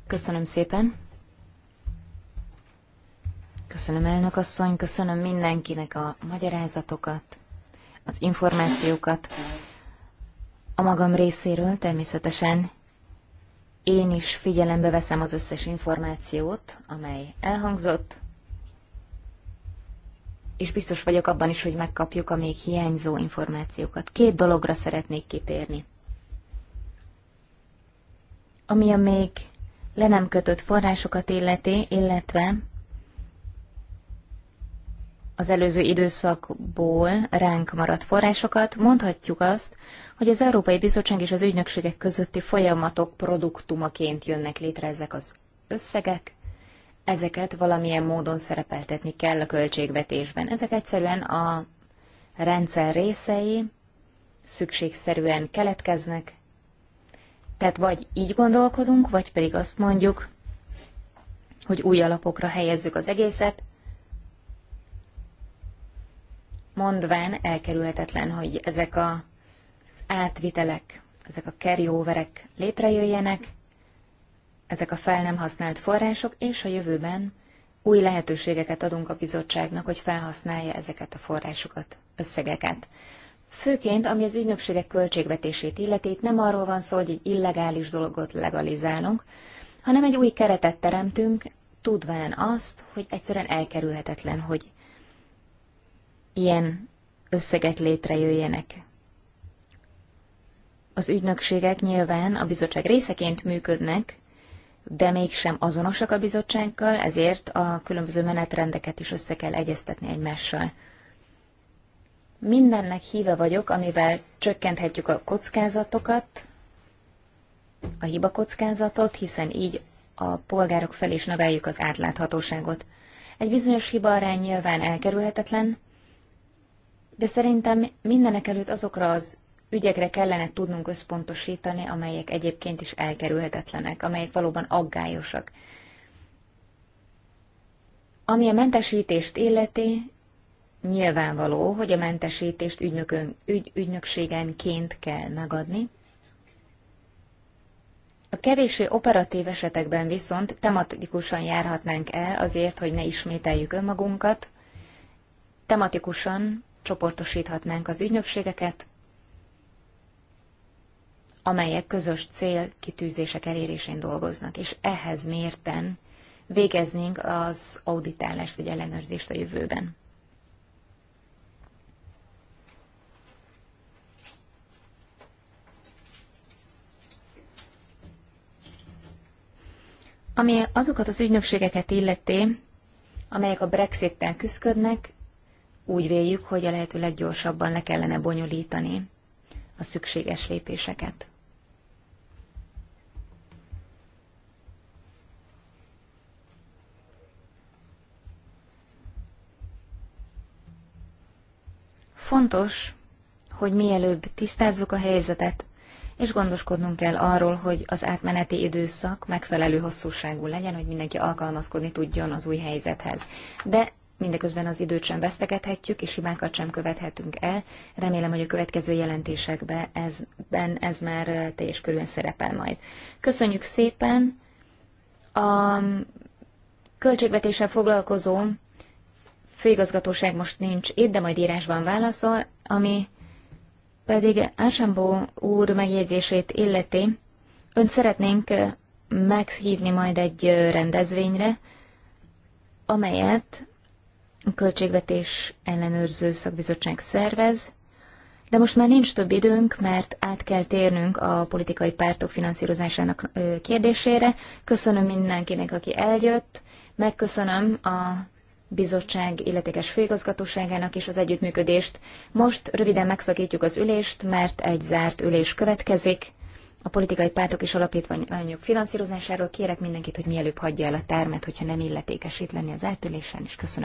Köszönöm szépen. Köszönöm elnök asszony, köszönöm mindenkinek a magyarázatokat, az információkat. A magam részéről természetesen én is figyelembe veszem az összes információt, amely elhangzott, és biztos vagyok abban is, hogy megkapjuk a még hiányzó információkat. Két dologra szeretnék kitérni. Ami a még le nem kötött forrásokat illeti, illetve az előző időszakból ránk maradt forrásokat, mondhatjuk azt, hogy az Európai Bizottság és az ügynökségek közötti folyamatok produktumaként jönnek létre ezek az összegek, ezeket valamilyen módon szerepeltetni kell a költségvetésben. Ezek egyszerűen a rendszer részei, szükségszerűen keletkeznek. Tehát vagy így gondolkodunk, vagy pedig azt mondjuk, hogy új alapokra helyezzük az egészet, mondván elkerülhetetlen, hogy ezek az átvitelek, ezek a carryoverek létrejöjjenek, ezek a fel nem használt források, és a jövőben új lehetőségeket adunk a bizottságnak, hogy felhasználja ezeket a forrásokat, összegeket. Főként, ami az ügynökségek költségvetését illeti, nem arról van szó, hogy egy illegális dolgot legalizálunk, hanem egy új keretet teremtünk, tudván azt, hogy egyszerűen elkerülhetetlen, hogy ilyen összegek létrejöjjenek. Az ügynökségek nyilván a bizottság részeként működnek, de mégsem azonosak a bizottsággal, ezért a különböző menetrendeket is össze kell egyeztetni egymással. Mindennek híve vagyok, amivel csökkenthetjük a kockázatokat, a hiba kockázatot, hiszen így a polgárok felé is növeljük az átláthatóságot. Egy bizonyos hiba arány nyilván elkerülhetetlen, de szerintem mindenek előtt azokra az ügyekre kellene tudnunk összpontosítani, amelyek egyébként is elkerülhetetlenek, amelyek valóban aggályosak. Ami a mentesítést illeti, nyilvánvaló, hogy a mentesítést ügynökön, ügy, ügynökségenként kell megadni. A kevésé operatív esetekben viszont tematikusan járhatnánk el azért, hogy ne ismételjük önmagunkat, tematikusan csoportosíthatnánk az ügynökségeket, amelyek közös célkitűzések elérésén dolgoznak, és ehhez mérten végeznénk az auditálást vagy ellenőrzést a jövőben. Ami azokat az ügynökségeket illeti, amelyek a Brexit-tel küzdködnek, úgy véljük, hogy a lehető leggyorsabban le kellene bonyolítani a szükséges lépéseket. Fontos, hogy mielőbb tisztázzuk a helyzetet, és gondoskodnunk kell arról, hogy az átmeneti időszak megfelelő hosszúságú legyen, hogy mindenki alkalmazkodni tudjon az új helyzethez. De mindeközben az időt sem vesztegethetjük, és hibákat sem követhetünk el. Remélem, hogy a következő jelentésekben ez, ben ez már teljes körülön szerepel majd. Köszönjük szépen! A költségvetéssel foglalkozó főigazgatóság most nincs itt, de majd írásban válaszol, ami pedig Ásambó úr megjegyzését illeti. Önt szeretnénk meghívni majd egy rendezvényre, amelyet a Költségvetés ellenőrző szakbizottság szervez, de most már nincs több időnk, mert át kell térnünk a politikai pártok finanszírozásának kérdésére. Köszönöm mindenkinek, aki eljött, megköszönöm a bizottság illetékes főigazgatóságának is az együttműködést. Most röviden megszakítjuk az ülést, mert egy zárt ülés következik. A politikai pártok és alapítványok finanszírozásáról kérek mindenkit, hogy mielőbb hagyja el a termet, hogyha nem illetékesít lenni az átülésen, és köszönöm.